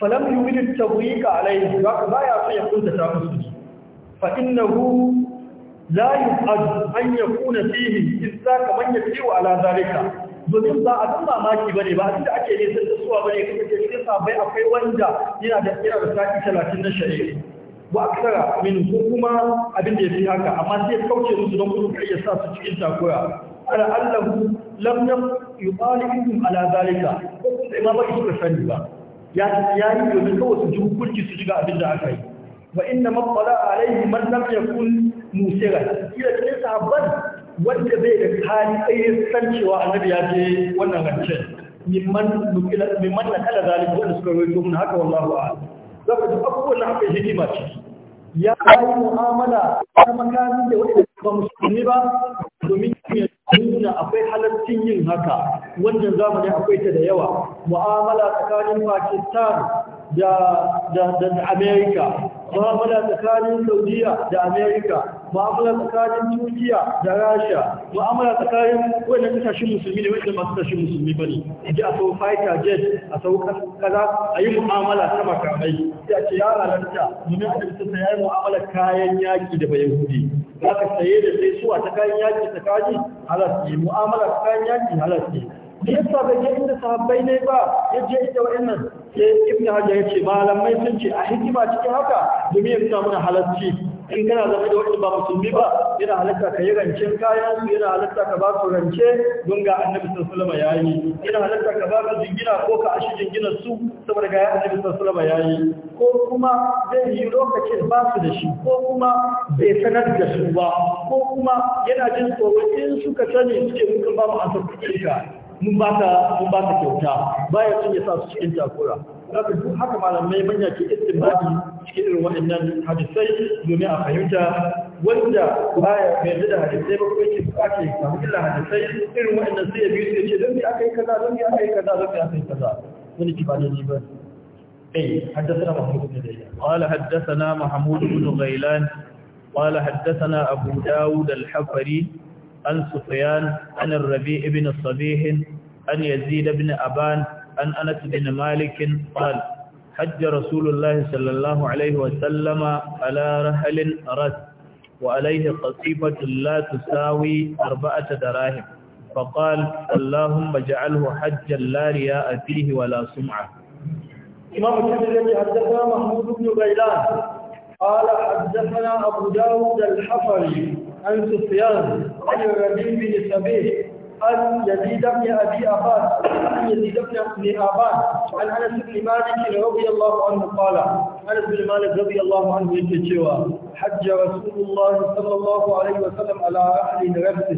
falam yuridin tabuyika alaihi ba ka baya so ya kunta ta musu fa innahu la yu'ad an yakuna fihi izza kaman yatiwa ala zalika domin ba a san mamaki bane ba inda ake ne sun tsuwa bane kuma ke cikin sabai akwai wanda yana da kira da sati 30 na shari'a wa aksara min hukuma kuma abin da yafi haka amma sai kauce musu don kudu kai ya sa su cikin takura ala allahu lam yuqalikum ala zalika ko kuma imama suka sani ba ya yi domin kawai su ji hukunci su ji ga abin da aka yi wa inna mabala alaihi man lam yakun musira kila cikin sahabban wanda bai da kari tsaye san cewa annabi ya je wannan rancen mimman nukila mimman na kala zalika wanda suka rawaito mun haka wallahu a zaka ji abubuwan haka hikima ce ya yi mu'amala ta makamin da wanda ba musulmi ba domin ya nuna akwai halarcin yin haka wannan zamani akwai ta da yawa mu'amala tsakanin Pakistan da da da America mu'amala tsakanin saudiya da amerika mu'amala tsakanin turkiya da rasha mu'amala tsakanin wannan kasashen musulmi ne wanda masu kasashen musulmi bane yaji a sau fighter jet a sau kaza a yi mu'amala ta makamai ya ce ya halarta domin a bisa ta yi mu'amala kayan yaƙi da bai hudi za ka saye da sai suwa ta kayan yaƙi tsakanin halarci ne mu'amala ta kayan yaƙi halarci. yasa bai je inda sahabbai ne ba ya je inda wa'annan ya ibn hajar ya ce malamai sun ce a hikima cikin haka domin ya samu mana halarci in kana zama da wani ba musulmi ba yana halatta ka yi rancen kayan su yana halatta ka ba su rance don ga annabi sallallahu alaihi wasallam yayi yana halatta ka ba su jingina ko ka ashi jingina su saboda ga annabi sallallahu alaihi wasallam yayi ko kuma zai yi lokacin ba su da shi ko kuma bai sanar da su ba ko kuma yana jin tsoron in suka sani suke mutum ba mu an sauƙaƙe ka mun baka mun baka kyauta baya cin ya sa su cikin takura haka duk haka malamai ban ke istinbadi cikin irin waɗannan hadisai domin a fahimta wanda baya mai da hadisai ba ko yake ake samu illa hadisai irin waɗannan sai ya biyu sai ce don me aka yi kaza don me aka yi kaza don me aka yi kaza wani ki ba da ni ba أي حدثنا محمود بن غيلان قال حدثنا محمود بن غيلان قال حدثنا أبو داود الحفري عن سفيان عن الربيع بن صبيح عن يزيد بن أبان عن أنس بن مالك قال حج رسول الله صلى الله عليه وسلم على رحل رس وعليه قصيبة لا تساوي أربعة دراهم فقال اللهم اجعله حجا لا رياء فيه ولا سمعة إمام الذي حدثنا محمود بن غيلان قال حدثنا أبو داود الحفري عن سفيان عن الربيع بن سبيل عن يزيد بن أبي أبان عن يزيد بن أبان عن أنس بن مالك رضي الله عنه قال أنس بن مالك رضي الله عنه يتجوى حج رسول الله صلى الله عليه وسلم على رحل رفسه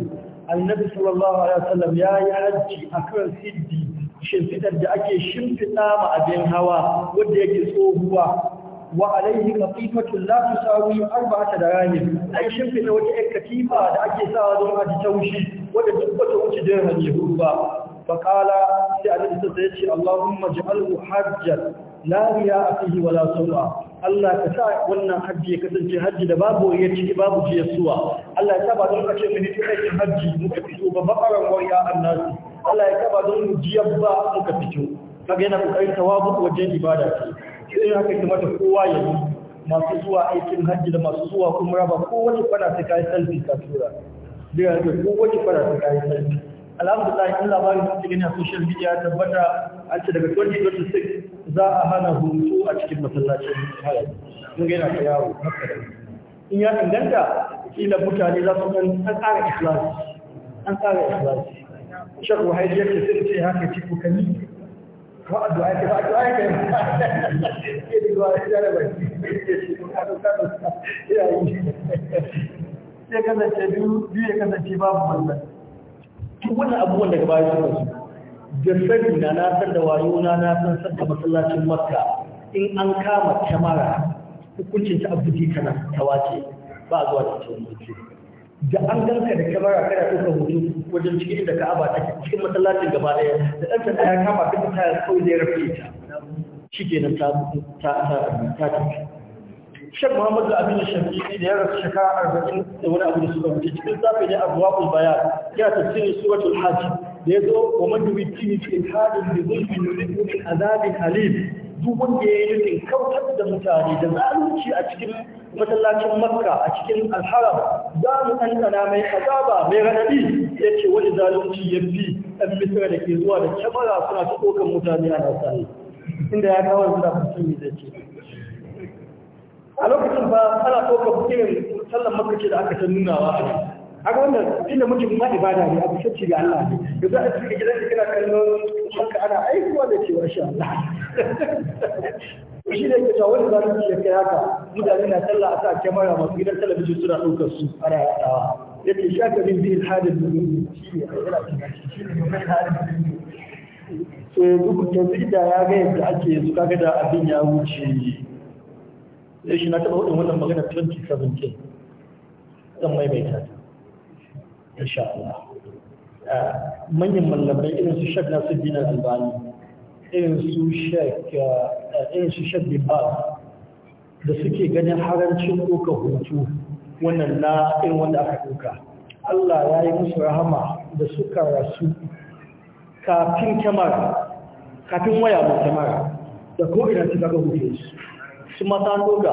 النبي صلى الله عليه وسلم يا يحجي أكرم سدي shimfidar da ake shimfiɗa ma abin hawa wadda yake tsohuwa wa alaihi katifatun la tusawi arba'ata darahim an shimfida wata yar katifa da ake sawa don aji taushi wanda duk bata wuce dirham ya ba faqala sai annabi sai ya ce Allahumma ij'alhu hajjan la riya fihi wala sum'a Allah ka sa wannan hajji ya kasance hajji da babu ya ciki babu jiyasuwa Allah ya saba don kace mini aikin hajji muka fito ba bakaran wariya annasu Allah ya saba don mu jiyabba muka fito kaga yana kokarin tawabu wajen ibada ce irin haka kuma da kowa ya yi masu zuwa aikin hajji da masu zuwa kuma raba kowace fara ta kayi salfi ta tura zai haka kowace fara ta kayi salfi alhamdulillah in labarin da cikin a social media ya tabbata an ce daga 2026 za a hana hutu a cikin masallacin halar ga gaina ta yawo in ya inganta kila mutane za su ɗan an ƙara ikhlasi an ƙara ikhlasi shakku haijiyar da sun ce haka cikin kani ko addu'a ke ba addu'a ke ba ke da ruwa ya da ba ya yi ya kasance biyu ya ce babu wannan duk wannan abubuwan daga baya suka su da sani na na san da wayo na na san san da masallacin makka in an kama kyamara hukuncin ta abu kana ta wace ba zuwa ta ce da an ganka da kada kana ka hoto wajen cikin inda aba take cikin masallacin gaba ɗaya da ɗanta sanda ya kama ka ta kawai zai rafe ta shi nan ta ta ta ta ta Shek Muhammad da Aminu Shafi'i da ya rasu shekara arba'in da wani abu da suka wuce cikin zafi ne a waƙul Baya ya tafsiri suratul hajj da ya zo wa madubi tini cikin hadin da zulmin nuri azabin alim duk wanda ya yi nufin kautar da mutane da zalunci a cikin masallacin makka a cikin alharam za mu ɗanɗana mai azaba mai raɗaɗi ya ce wani zalunci ya fi ɗan misira da ke zuwa da kyamara suna ta ɗaukar mutane a nasari inda ya kawo suna mutum ne zai a lokacin ba ana ɗaukar irin sallan makka ce da aka san nunawa a nan a ga wannan inda mutum ma ibada ne abu sacci ga Allah ne da za a cikin gidan da kana kallon haka ana aikuwa da cewa sha Allah shi da ke cewa wani zalunci ya kai haka mutane na talla a sa kyamara masu gidan talabijin suna ɗaukar su ana yaɗawa yake shaka min bihin halin mu'min shi ne yana cikin shi ne mu'min halin mu'min so yanzu yanzu da ya ga yadda ake yanzu kaga da abin ya wuce sai shi na taɓa hudun wannan magana 2017 zan maimaita ta insha Allah manyan mallamai irin su shek nasu dinar albani irin su shek eh, irin su shek da suke ganin harancin ɗoka hutu wannan na irin wanda aka ɗoka. Allah ya yi musu rahama da suka rasu kafin kyamar kafin waya mai kyamar da ko irin su daga hutu su mata ɗoka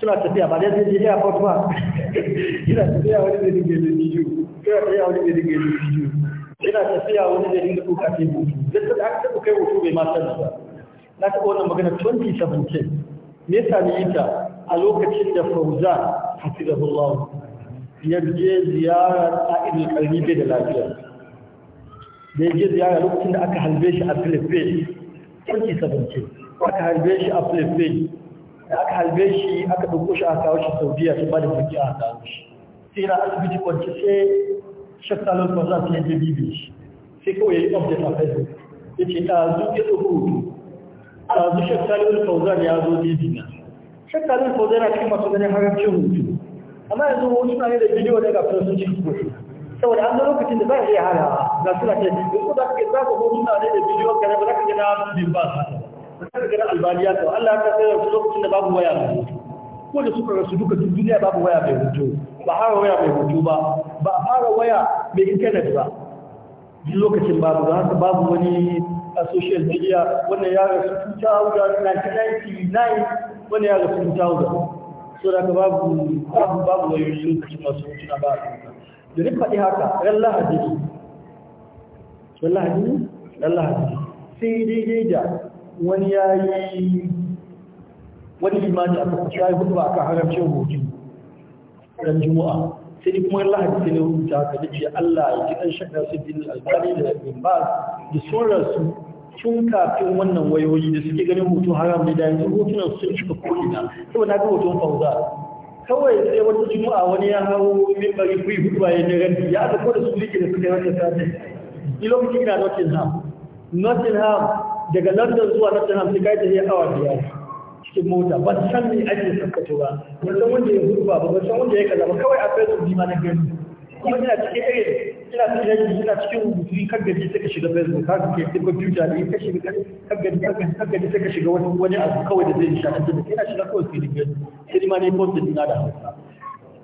suna tafiya ba dai zai je airport ba yana tafiya wani zai ne ne ne. sai ya tsaya wani da ya bidiyo yana tafiya wani da dinga duka sai hutu duk da aka taɓa kai hutu bai ma sani ba na taɓa wannan magana 2017 me yasa ni yi ta a lokacin da fauza hafizahullahu ya je ziyara karni bai da lafiya da ya je ziyara lokacin da aka halbe shi a philippines 2017 aka halbe shi a philippines da aka halbe shi aka ɗauko shi a kawo shi saudiya shi ba da buki a kawo shi sai na asibiti kwanci sai shakkalin fazan sai de bibi shi sai kawai ya de update a facebook ya ce ɗazu ya ɗauko hoto ɗazu shakkalin fazan ya zo bibi na shakkalin fazan yana cikin masu ganin haramcin hoto amma yanzu hoto na ne da bidiyo daga sun ci a iya hana ga suna ce yanzu za ka ke za ka hoto na ne da bidiyo kare ba za ka gina bin ba a allah ta sai yanzu lokacin da babu waya ba ko da suka rasu duka duniya babu waya mai a ba har waya mai hoto ba ba a fara waya mai intanet ba duk lokacin babu za haka babu wani a social media wanda ya rasu 1999 wanda ya rasu 2000 so da ka babu babu babu wayoyi lokacin masu hotuna ba da duk faɗi haka ran lahadi ran lahadi ran lahadi sai dai-dai da wani ya yi wani limani a kusa ya hudu ba a kan haramcin hoto ran juma'a sai ni kuma lahadi sai na rubuta haka da ce Allah ya ji dan shakka su bin albani da bin ba da su tun kafin wannan wayoyi da suke ganin hoto haram ne da yanzu hotunan sun cika ko'ina saboda na ga hoton fauza kawai sai wata juma'a wani ya hawo mimbari kuyi hudu bayan da ranti ya da da su rike da suka yi wata sati ni lokacin na nottingham nottingham daga london zuwa nottingham sai kai ta yi awa biyar cikin mota ban san me ake tsaftace ba ban san wanda ya hurba ba ban san wanda ya kaza ba kawai a facebook ni ma na gani kuma ina cikin irin ina cikin ina cikin rubutu kan gaji suka shiga facebook ka ke cikin computer ne ka shiga kan gaji kan gaji suka shiga wani wani abu kawai da zai shafi da ina shiga kawai sai ni sai ma ne post din na da hausa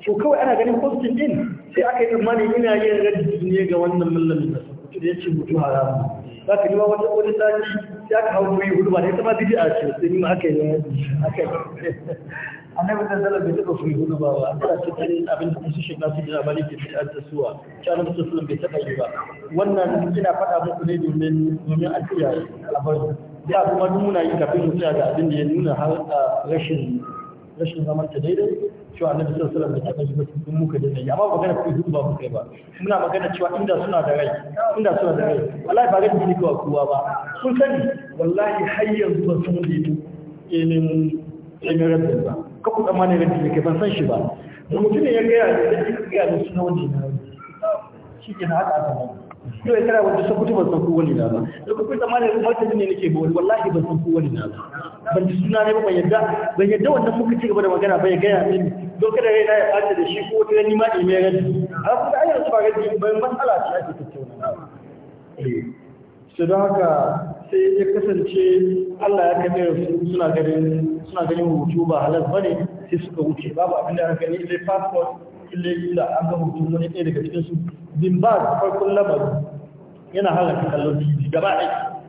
to kawai ana ganin posting din sai aka yi tsammani ina yin raddi ne ga wannan mallamin da da yace mutu haramu za ka yi wata wani ya ka hau yi hudu ba da ma a ce sai ni ma yi aka yi annabi da zala bai taba hudu ba ba ana cikin abin da su su jira ke da suwa bai taba yi ba wannan ina faɗa muku ne domin domin a kiyaye a bari da kuma nuna yi kafin mu tsaya ga abin da ya nuna har a rashin rashin zaman ta daidai cewa annabi sallallahu alaihi wasallam da taɓa jiba muka da yi amma magana ku duk ba mu kai ba muna magana cewa inda suna da rai inda suna da rai wallahi ba ganin jini kawai kowa ba kun sani wallahi har yanzu ba sun da yake ilimin ilimin rabbi ba ka ku tsammanin rabbi da kai ban san shi ba mutum ne ya gaya da ya gaya da suna wanda ya shi ke na haka a tsammanin yau ya wanda sun kuta ban san wani na ba ne nake ba wallahi ban san ban ji suna ne ban yadda ban yadda wannan muka ci gaba da magana ba ya gaya mini don kada raina ya ɓata da shi ko wani ni ma ɗin ya a kuma ayyar su ba gani ba matsala ce ake tattauna eh, su don haka sai ya kasance Allah ya kaɗe su suna ganin suna ganin hutu ba halar bane sai suka wuce babu abin da aka gani ilai passport da an ga hoton wani ɗaya daga cikinsu. su bin ba farkon lamarin yana halaka kallon tv gaba ɗaya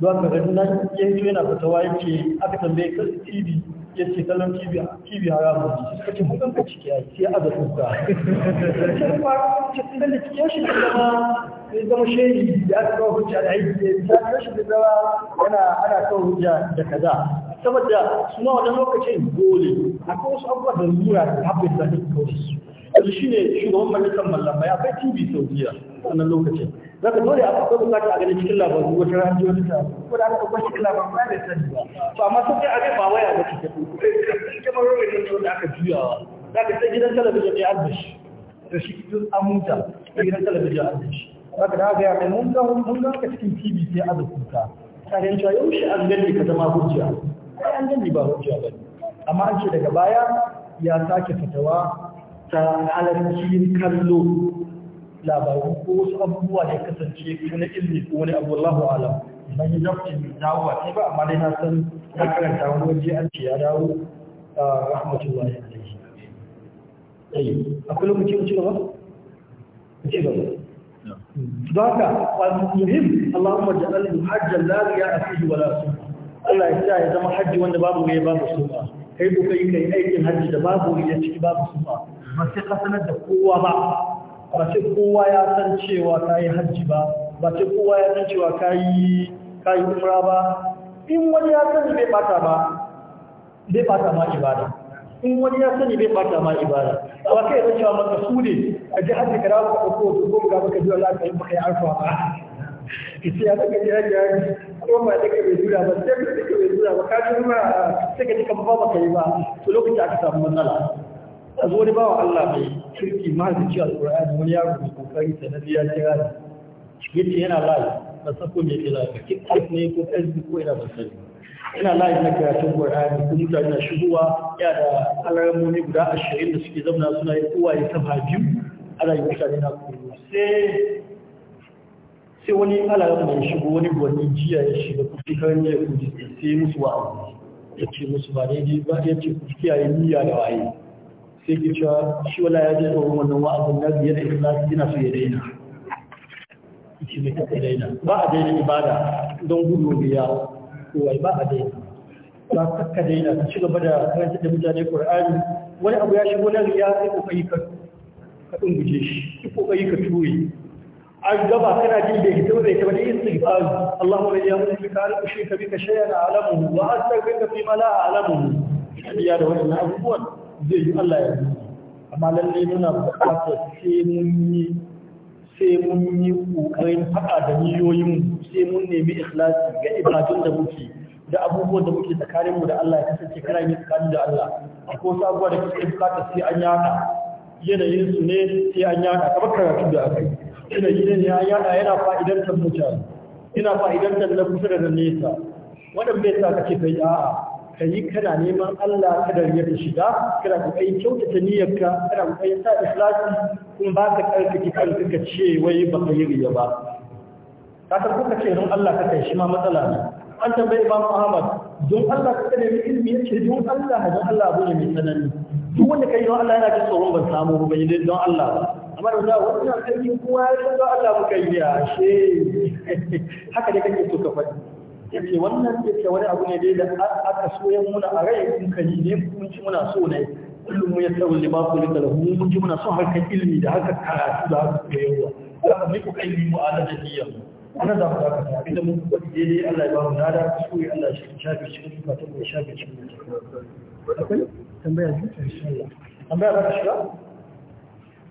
don ka gani nan ya hito yana fatawa ya ce aka tambaye kan tv ya ce kallon tv tv haramu ne suka ce hukun ka ciki yayi sai aza tuka sai ba ce kan da cikin shi kuma sai zama shehi da aka kawo hujja da aiki ya ta da zama ana ana kawo hujja da kaza saboda su ma lokacin lokacin a akwai wasu abubuwa da lura da tabbata da duk kawai su yanzu shi ne shugaban majalisar mallamai akwai tv saudiya nan lokacin za ka dole akwai bukata a ganin cikin labaru wata rani wata ta ko da aka kwashi cikin labarin ba da sani ba to amma sun kai abin ba waya ba ce ta kuma kamar rubin nan da aka juyawa za ka sai gidan talabijin ya arzishi da shi tun an huta da gidan talabijin arzishi za ka da haka ya kai mun ga cikin tv sai arzikin ka tare da cewa yau shi an gani ka zama hujja sai an gani ba hujja ba amma an ce daga baya ya sake fatawa ta halarcin kallo labarun ko wasu abubuwa da ya kasance ko na ilmi ko wani abu Allahu alam ban yi mai dawowa ne ba amma dai na san na karanta wani waje an ce ya dawo a rahmatullahi alaihi ayi akwai lokaci mu ci gaba mu ci gaba ذاك المهم اللهم اجعله حجا لا رياء فيه ولا سوء Allah ya sa ya zama hajji wanda babu ne babu sunna kai ko kai kai aikin hajji da babu ne ciki babu sunna ba sai ka sanar da kowa ba ba sai kowa ya san cewa kai hajji ba ba sai kowa ya san cewa kai kai umra ba in wani ya sani bai bata ba bai bata ma ibada in wani ya sani bai bata ma ibada ba kai da cewa maka su ne a ji hajji kara ko ko ko ga maka ji Allah ka yi maka ya arfa ba ki sai ya ga ya ga ko ba da kake jura ba sai da kake jura ba ka ji ma ah, sai ka ji ba ba ka yi ba to lokaci aka samu matsala a zo ne bawa Allah mai kirki ma da ci alƙur'ani wani yaro mai kokari sanadi ya kira ni yace yana live ba sako me lafiya live tiktok ne ko facebook ko ina ba sani ina live na karatun Qur'ani ko mutane na shigowa ya da alamomi guda ashirin da suke zama suna yi kowa ta saba biyu ana yi mutane na koyo sai sai wani alaran mai shigo wani gwani jiya ya shiga kufi kan jiya ku sai musu wa'azi ya ce musu ba dai ba ya ce ku kiyaye niyya da waye sai ke cewa shi wala ya je tsoron wannan wa'azin na biye da ikhlasi yana so ya daina shi ne kake daina ba a daina ibada don gudu biya ko wai ba a daina ba kakka daina ka ci gaba da karanta da mutane qur'ani wani abu ya shigo na riya sai kokari ka ka dunguje shi kokari ka ture an gaba kana jin da hito da ita bane istighfar Allahumma ya mulki ka bi ka bika shay'an a'lamu wa astaghfiruka fi ma a a'lamu ya da wannan abubuwan zai yi Allah ya amma lalle muna buƙatar sai mun yi sai mun yi kokarin faɗa da niyoyin sai mun nemi ikhlasi ga ibadun da muke da abubuwan da muke tsakaninmu da Allah ya kasance kana yi tsakanin da Allah A akwai sabuwa da kake buƙatar sai an yaka yanayin su ne sai an yaka kamar karatu da aka yi gina gidan ya yada yana ta mutane ina ta na kusa da nesa wannan bai sa kace kai a'a ka yi kana neman Allah ka da da shiga kana kokarin kyautata niyyarka kana kai sa ikhlasi kuma ba ka karfafa kan ka ce wai ba ka yi riya ba ka san kuka ce don Allah ka kai shi ma matsala ne an tambayi Imam Ahmad don Allah ka nemi ilimi yace don Allah don Allah abu ne mai tsanani duk wanda kai don Allah yana jin tsoron ban samu ba don Allah ba amma da wannan sarkin kuma ya san Allah muka yi ya she haka da kake so ka faɗi yace wannan yace wani abu ne dai da aka soyan muna a rai kun kani ne kun ci muna so ne kullum ya tsawo limafu lika lahu mun ji muna son harkar ilimi da harkar karatu da harkar koyarwa za mu yi kokari mu ala da niyyar ana za mu zaka tafi da mun kuɗi daidai Allah ya ba mu nada kuskure Allah shi shafe shi kuma ta ya shafe shi akwai tambaya ji insha Allah tambaya za ta shiga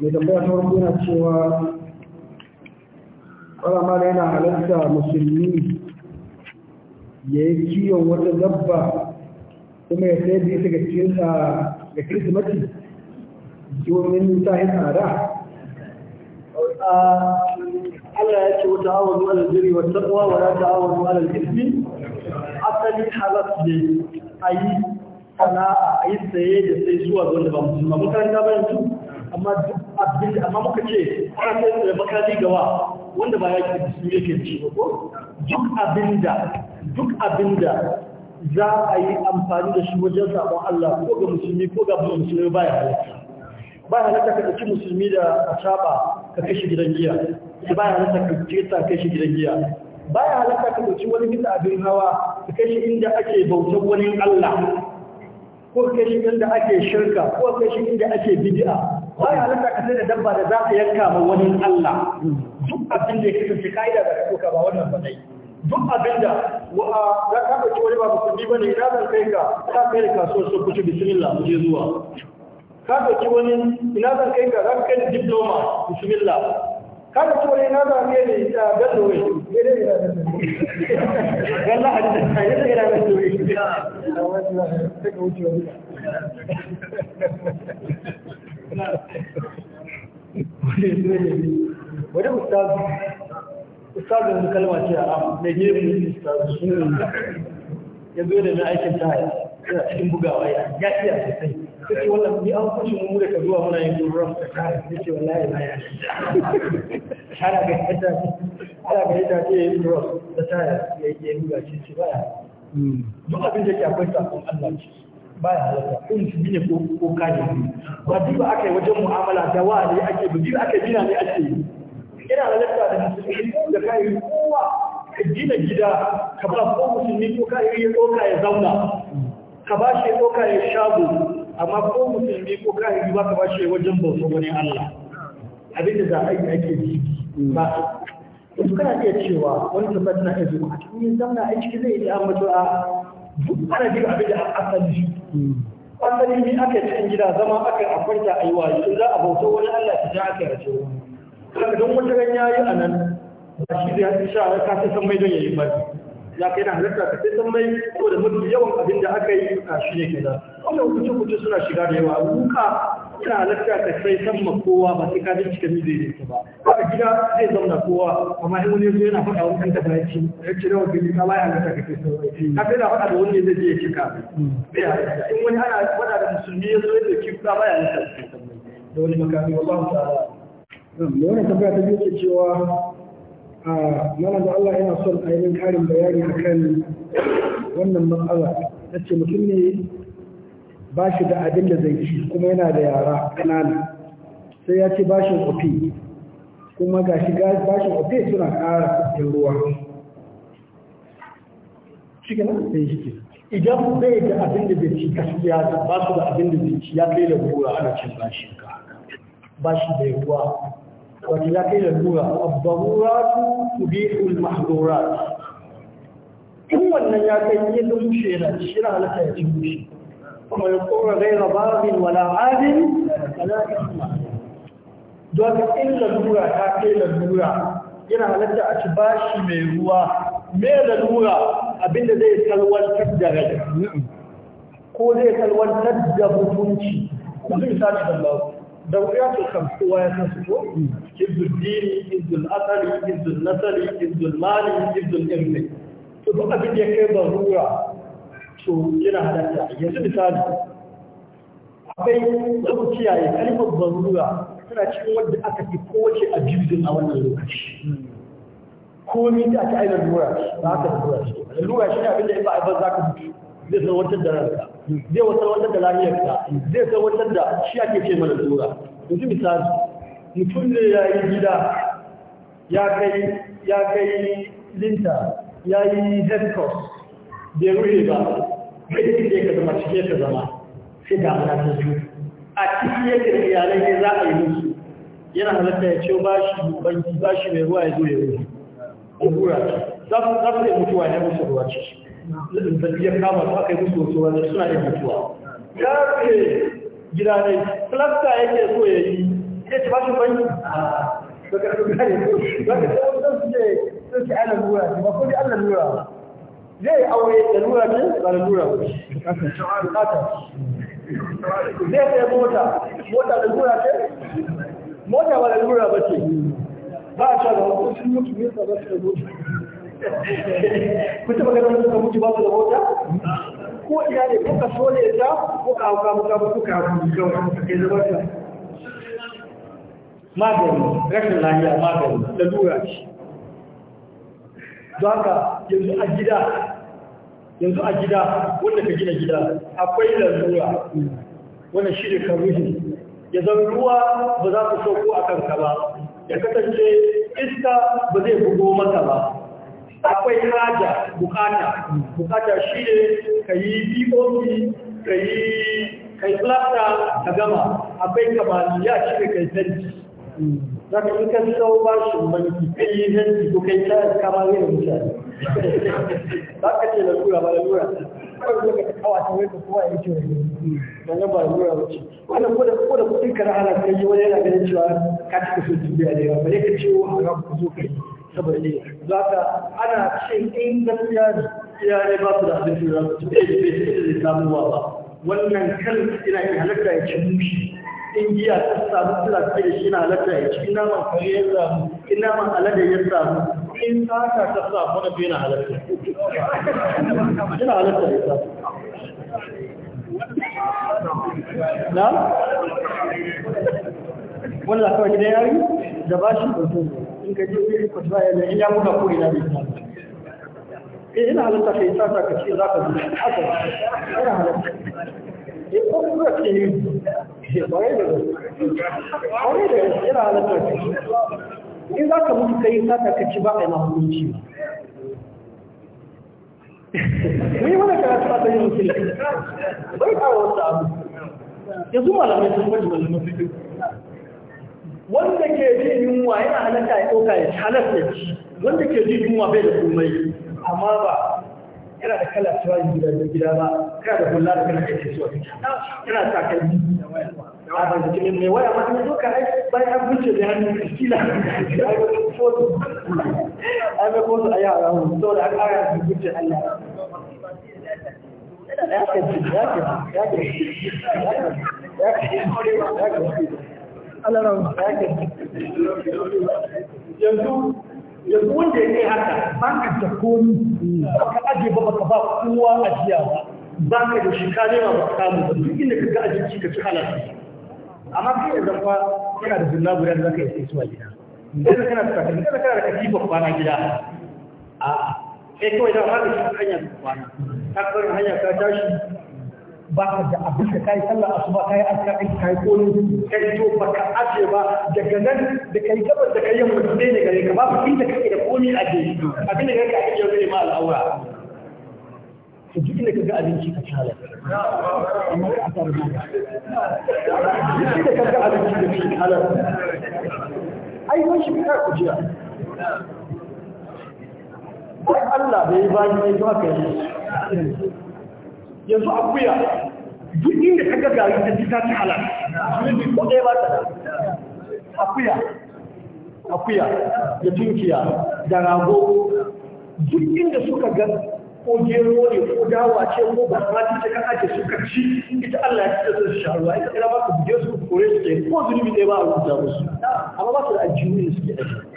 mai tambaya ta wani yana cewa ƙwarama da yana halatta musulmi ya yi kiyon wata dabba kuma ya sai da ita ga cikinsa ga kirsimati domin ta yi tsada Allah ya ce wata awon zuwa da jiri wa tsakowa wa ya ta awon zuwa da aljiri asali halas ne a yi sana'a a yi saye da sai zuwa da ba musulma mutane ta bayan su amma abin amma muka ce an da makami gawa wanda ba ya ke da su yake ba ko duk abinda duk za a yi amfani da shi wajen sabon Allah ko ga musulmi ko ga musulmi ba ya halatta ya halatta ka ɗauki musulmi da asaba ka kai shi gidan giya ya halatta ka kirta kai shi gidan giya Ba ya halatta ka ɗauki wani bisa abin hawa ka kai shi inda ake bautar wani Allah ko kai shi inda ake shirka ko kai shi inda ake bid'a ba ya halatta ka sai da dabba da za ka yanka ma wani Allah duk abin da ya kasance ka'ida da ka ba wannan ba duk abinda wa'a za ka ɗauki wani ba musulmi ba ne ina zan kai ka ka kai da kasuwar so kuce bismillah mu je zuwa ka ɗauki wani ina zan kai ka za ka kai diploma bismillah ka ɗauki wani ina zan kai ne da bello wai galla a da ta yi da ina bello wai wani ustazu ustazu wani kalma ce a mai gefe ustazu ya zo da na aikin ta yana cikin bugawa ya iya sosai ta ce wannan ni an kushe mu da ka zuwa muna yin ruwan ta kare ta ce wallahi na ya shara ga yadda ce ya yadda ta yi ruwan ta tare ya yi buga ce ce baya duk abin da ke akwai sakon Allah ce baya halatta in shi ne ko ko kaje ba duba akai wajen mu'amala da wani ake bugi ake bina ne ake yi ina halatta da musulmi da kai kowa ka gina gida ka ba ko musulmi ko kai ya tsoka ya zauna ka ba shi tsoka ya shago amma ko musulmi ko kai ba ka ba shi wajen bauta wani Allah da za a yi ake yi ba yanzu kana iya cewa wani tabbatar na iya zuwa a cikin zamna a ciki zai iya mutu a duk ana jin abin da asali asali ne aka cikin gida zama aka a kwanta a yi waye za a bauta wani Allah ta ja aka race wani kaga don wata ran yayi a nan ba shi zai sha ka sai san mai don ba ya kai na halatta ka sai san mai saboda yawan abin da aka yi a shi ne kaza wannan hukunci hukunci suna shiga da yawa duka ina halatta ka sai san ma kowa ba sai ka ji cikin zai ta ba a gida zai zauna kowa amma in wani yazo yana faɗa wani kanta ci ya ci nawa gani ka bai halatta ka sai sai ka sai da faɗa da wani zai je ya cika in wani ana faɗa da musulmi ya yazo ya ki ka bai halatta ka sai da wani makami wallahu ta'ala da wannan tambaya ta biyu cewa a malam da Allah yana son ainihin karin bayani akan wannan matsala ce mutum ne ba shi da abin da zai ci kuma yana da yara ƙanana sai ya ce bashin ofe kuma ga shi bashin ofe suna ƙara kuɗin ruwa idan bai da abin da zai ci ta ba su da abin da zai ci ya kai da gura ana cin bashin ka bashi da ruwa wata ya kai da gura su tubihul mahdurat in wannan ya kai yin lushe na shi na halatta ya ci mushe kuma ya kora gaira babin wala adin wala isma don in lalura ta kai lalura yana halatta a ci bashi mai ruwa mai lalura abinda zai salwantar da rai ko zai salwantar da mutunci mutum sa ci dallahu da wuya su kan kowa ya san su ko izzul dini izzul asali izzul nasali izzul mali izzul irmi to duk abin da ya kai barura to yana halatta yanzu misali akwai zamu kiyaye kalmar barura tana cikin wanda aka fi kowace a jirgin a wannan lokaci komi da aka aina lura ba aka lura shi lura shi ne abinda in ba a za ka mutu zai san wancan da ranka zai wancan da lafiyarka zai san wancan da shi ake ce mana lura yanzu misali mutum ne ya yi gida ya kai ya kai linta ya yi head bai ruhe ba gaske da ka zama cike ka zama sai damuna ta zo a cikin yadda iyalai ne za a yi musu yana halatta ya ce ba shi banki ba shi mai ruwa ya zo ya rufe a gura za su za su yi mutuwa ne musu ruwa ce zazzabiyar kama su aka yi musu wasu ruwa suna yin mutuwa ya ce gida ne plasta yake so ya yi ya ce ba shi banki ba ka so gane ko ba ka so sun ce sun ce ana lura ba ko dai ana ba zai aure da nura ne ba da nura zai sai mota mota da nura ce mota ba da nura ba ce ba a cewa da hukuncin mutu ne ba su da mota kuta maganar suka mutu ba su da mota ko ina ne kuka so ne ta ko ka hauka muka ba kuka hauka kawai ke zama ta magani rashin lafiya magani da nura ce zaka yanzu a gida yanzu a gida wanda ka gina gida akwai lalura wannan shi ne ruhi ya zan ruwa ba za ku sauko a kanka ba ya kasance iska ba zai bugo maka ba akwai haja bukata bukata shi ne ka yi pop ka yi kai plasta ka gama akwai kamaliya shi ne kai sarki za ka in ka sau bashin banki ɗin ko kai ta kama yin mutane Ba ka ce lalura ba lalura kawai zaka ta kawa ta wai ka kowa ya ce wani dan ba lalura ba ce wannan ko da ko da kudin ka rahala kai wani yana ganin cewa ka cika so dubiya da yawa ba ne ka ce wa haram ku zo kai saboda ne za ka ana cin in gaskiya ne iyare ba su da abin da za su ci ɗaya da bai da samuwa ba wannan kan ina yin halatta ya ci mushi in ta samu suna ce da shi na halatta ya ci ina man kare ya samu ina man alade ya samu in sata ta samu na biyu na halatta ina halatta ya samu na? wani lafawar gidan yari da ba shi ɗaukin in ka ji wuri ku ta yana in ya buga ko ina ta? Eh ina halatta ka yi sata ka ce za ka zuwa haka ina halatta duk kuma da ke yi da in za ka mutu kai sata ka ci ba a yi mahimmanci ba ne wani karatu a tsayin musulmi bai kawo wasu abu yanzu malamai sun bari malamai su wanda ke jin yunwa yana halatta ya ɗauka ya halatta ya ci wanda ke jin yunwa bai da komai amma ba yana da kala tuwayin gida da gida ba kana da kula da kana kake so kana sa kalmi a ban cikin mai waya ma ne doka ai bayan an wuce da hannun kila ai wani foto ai ba foto ai yara mu to da an ara su Allah ya ka ci ya ka ya ka ya ka ya ka Allah ya ka yanzu yanzu wanda ya kai haka ba ka da komi ba ka ajiye ba baka ba kowa ajiya ba ba ka da shi ka nema ba samu ba duk inda ka ga abinci ka ci halal amma kai yanzu fa kana da zulla guda da zaka yi sai zuwa gida idan kana da takalmi kana kana da katifa kwana gida a sai kawai da haka shi hanya kwana ta kawai hanya ka tashi ba ka da abin da kai sallah asuba kai aska in kai koyo kai to ba ka aje ba daga nan da kai gaban da kai yamma sai ne gare ka ba inda kake da komai a je abin da kake ake ne ma al'aura to duk inda kaga abinci ka tsala amma ka tsara ma duk inda kaga abinci da ke halal ai wani shi ka kujiya Allah bai bani mai zuwa kai yanzu akuya duk inda ka ga gari da jita ta halar ko ɗaya ba ta akuya akuya da tunkiya da rago duk inda suka ga ko gero ne ko dawa ce ko ba ma ta ka kaka ce suka ci ita Allah ya ce su sha ruwa ita kira ba ku buje su kore su ke ko zulubi ɗaya ba a rubuta musu amma ba su da ajiyoyi suke ajiyoyi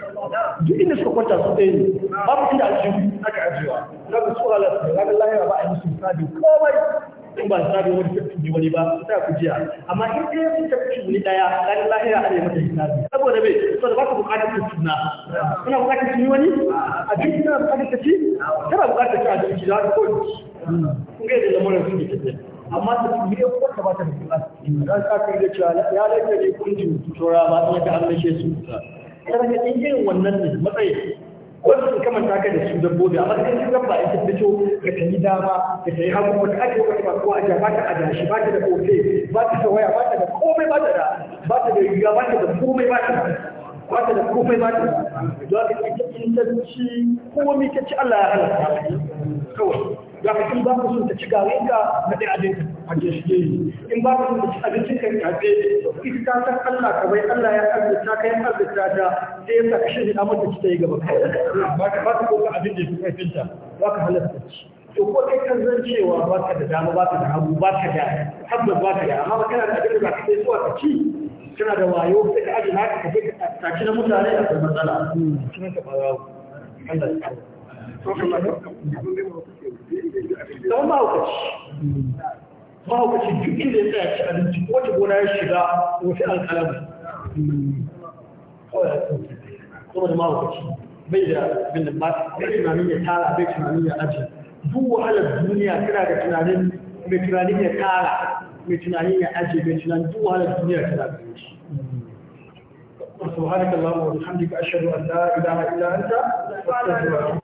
duk inda suka kwanta su ɗaya ne babu inda a cikin aka ajiyewa za ka tsora lafiya ranar lahira ba a yi musu hisabi komai in ba hisabi wani tafi wani ba su ta ku jiya amma in ɗaya sun tafi wani ɗaya ranar lahira ana yi mata hisabi saboda bai saboda ba ka buƙatar ku tuna kuna buƙatar ku wani a duk ina buƙatar ka ci tana buƙatar ka a duk za ka kawai kun ga yadda lamarin sun yi tafiya amma ta fi yi kuma ta ba ta da buƙatar ya laifin ne kun ji turaba in ya ga su ƙarfafin irin wannan ne matsayin wasu su ta kai da su dabbobi amma kan su gaba in ta fito ka ta yi dama ka ta yi hagu wata ake wata ba kowa aja ba ta adashi ba ta da kofe ba ta da waya ba ta da komai ba ta da ba ta da riga ba ta da komai ba ta ba ta da komai ba ta da ka ta in ta ci komai ta ci Allah ya halatta kawai da ka in ba ku sun ta ci garin ka na ɗaya ajinka fage shi yi in ba ka da abincin kan kafe ita ta san Allah ka bai Allah ya arzuta kai arzuta ta sai ya saka shi da mata ta yi gaba ba ka ba ka ko abin da ya fi kaifinta ba ka halatta shi to ko kai kan zan cewa ba ka da dama ba ka da hagu ba ka da tabbas ba ka da amma ba kana da abin da ba ka sai zuwa ka ci kana da wayo sai ka ajiye haka ka kai ka taci na mutane a kan matsala kuma ka ba Allah ya kawo. Tsohon ma'aukaci. ba a wace duk inda ya tsaya ci abinci ko wata gona ya shiga wata alƙalamu kawai ya tsoki kuma da mawakaci bai da abin da bai tunanin ya tara bai tunanin ya aji duk wahalar duniya tana da tunanin mai tunanin ya tara mai tunanin ya aji mai tunanin duk wahalar duniya tana da shi سبحانك اللهم وبحمدك اشهد ان لا اله الا انت استغفرك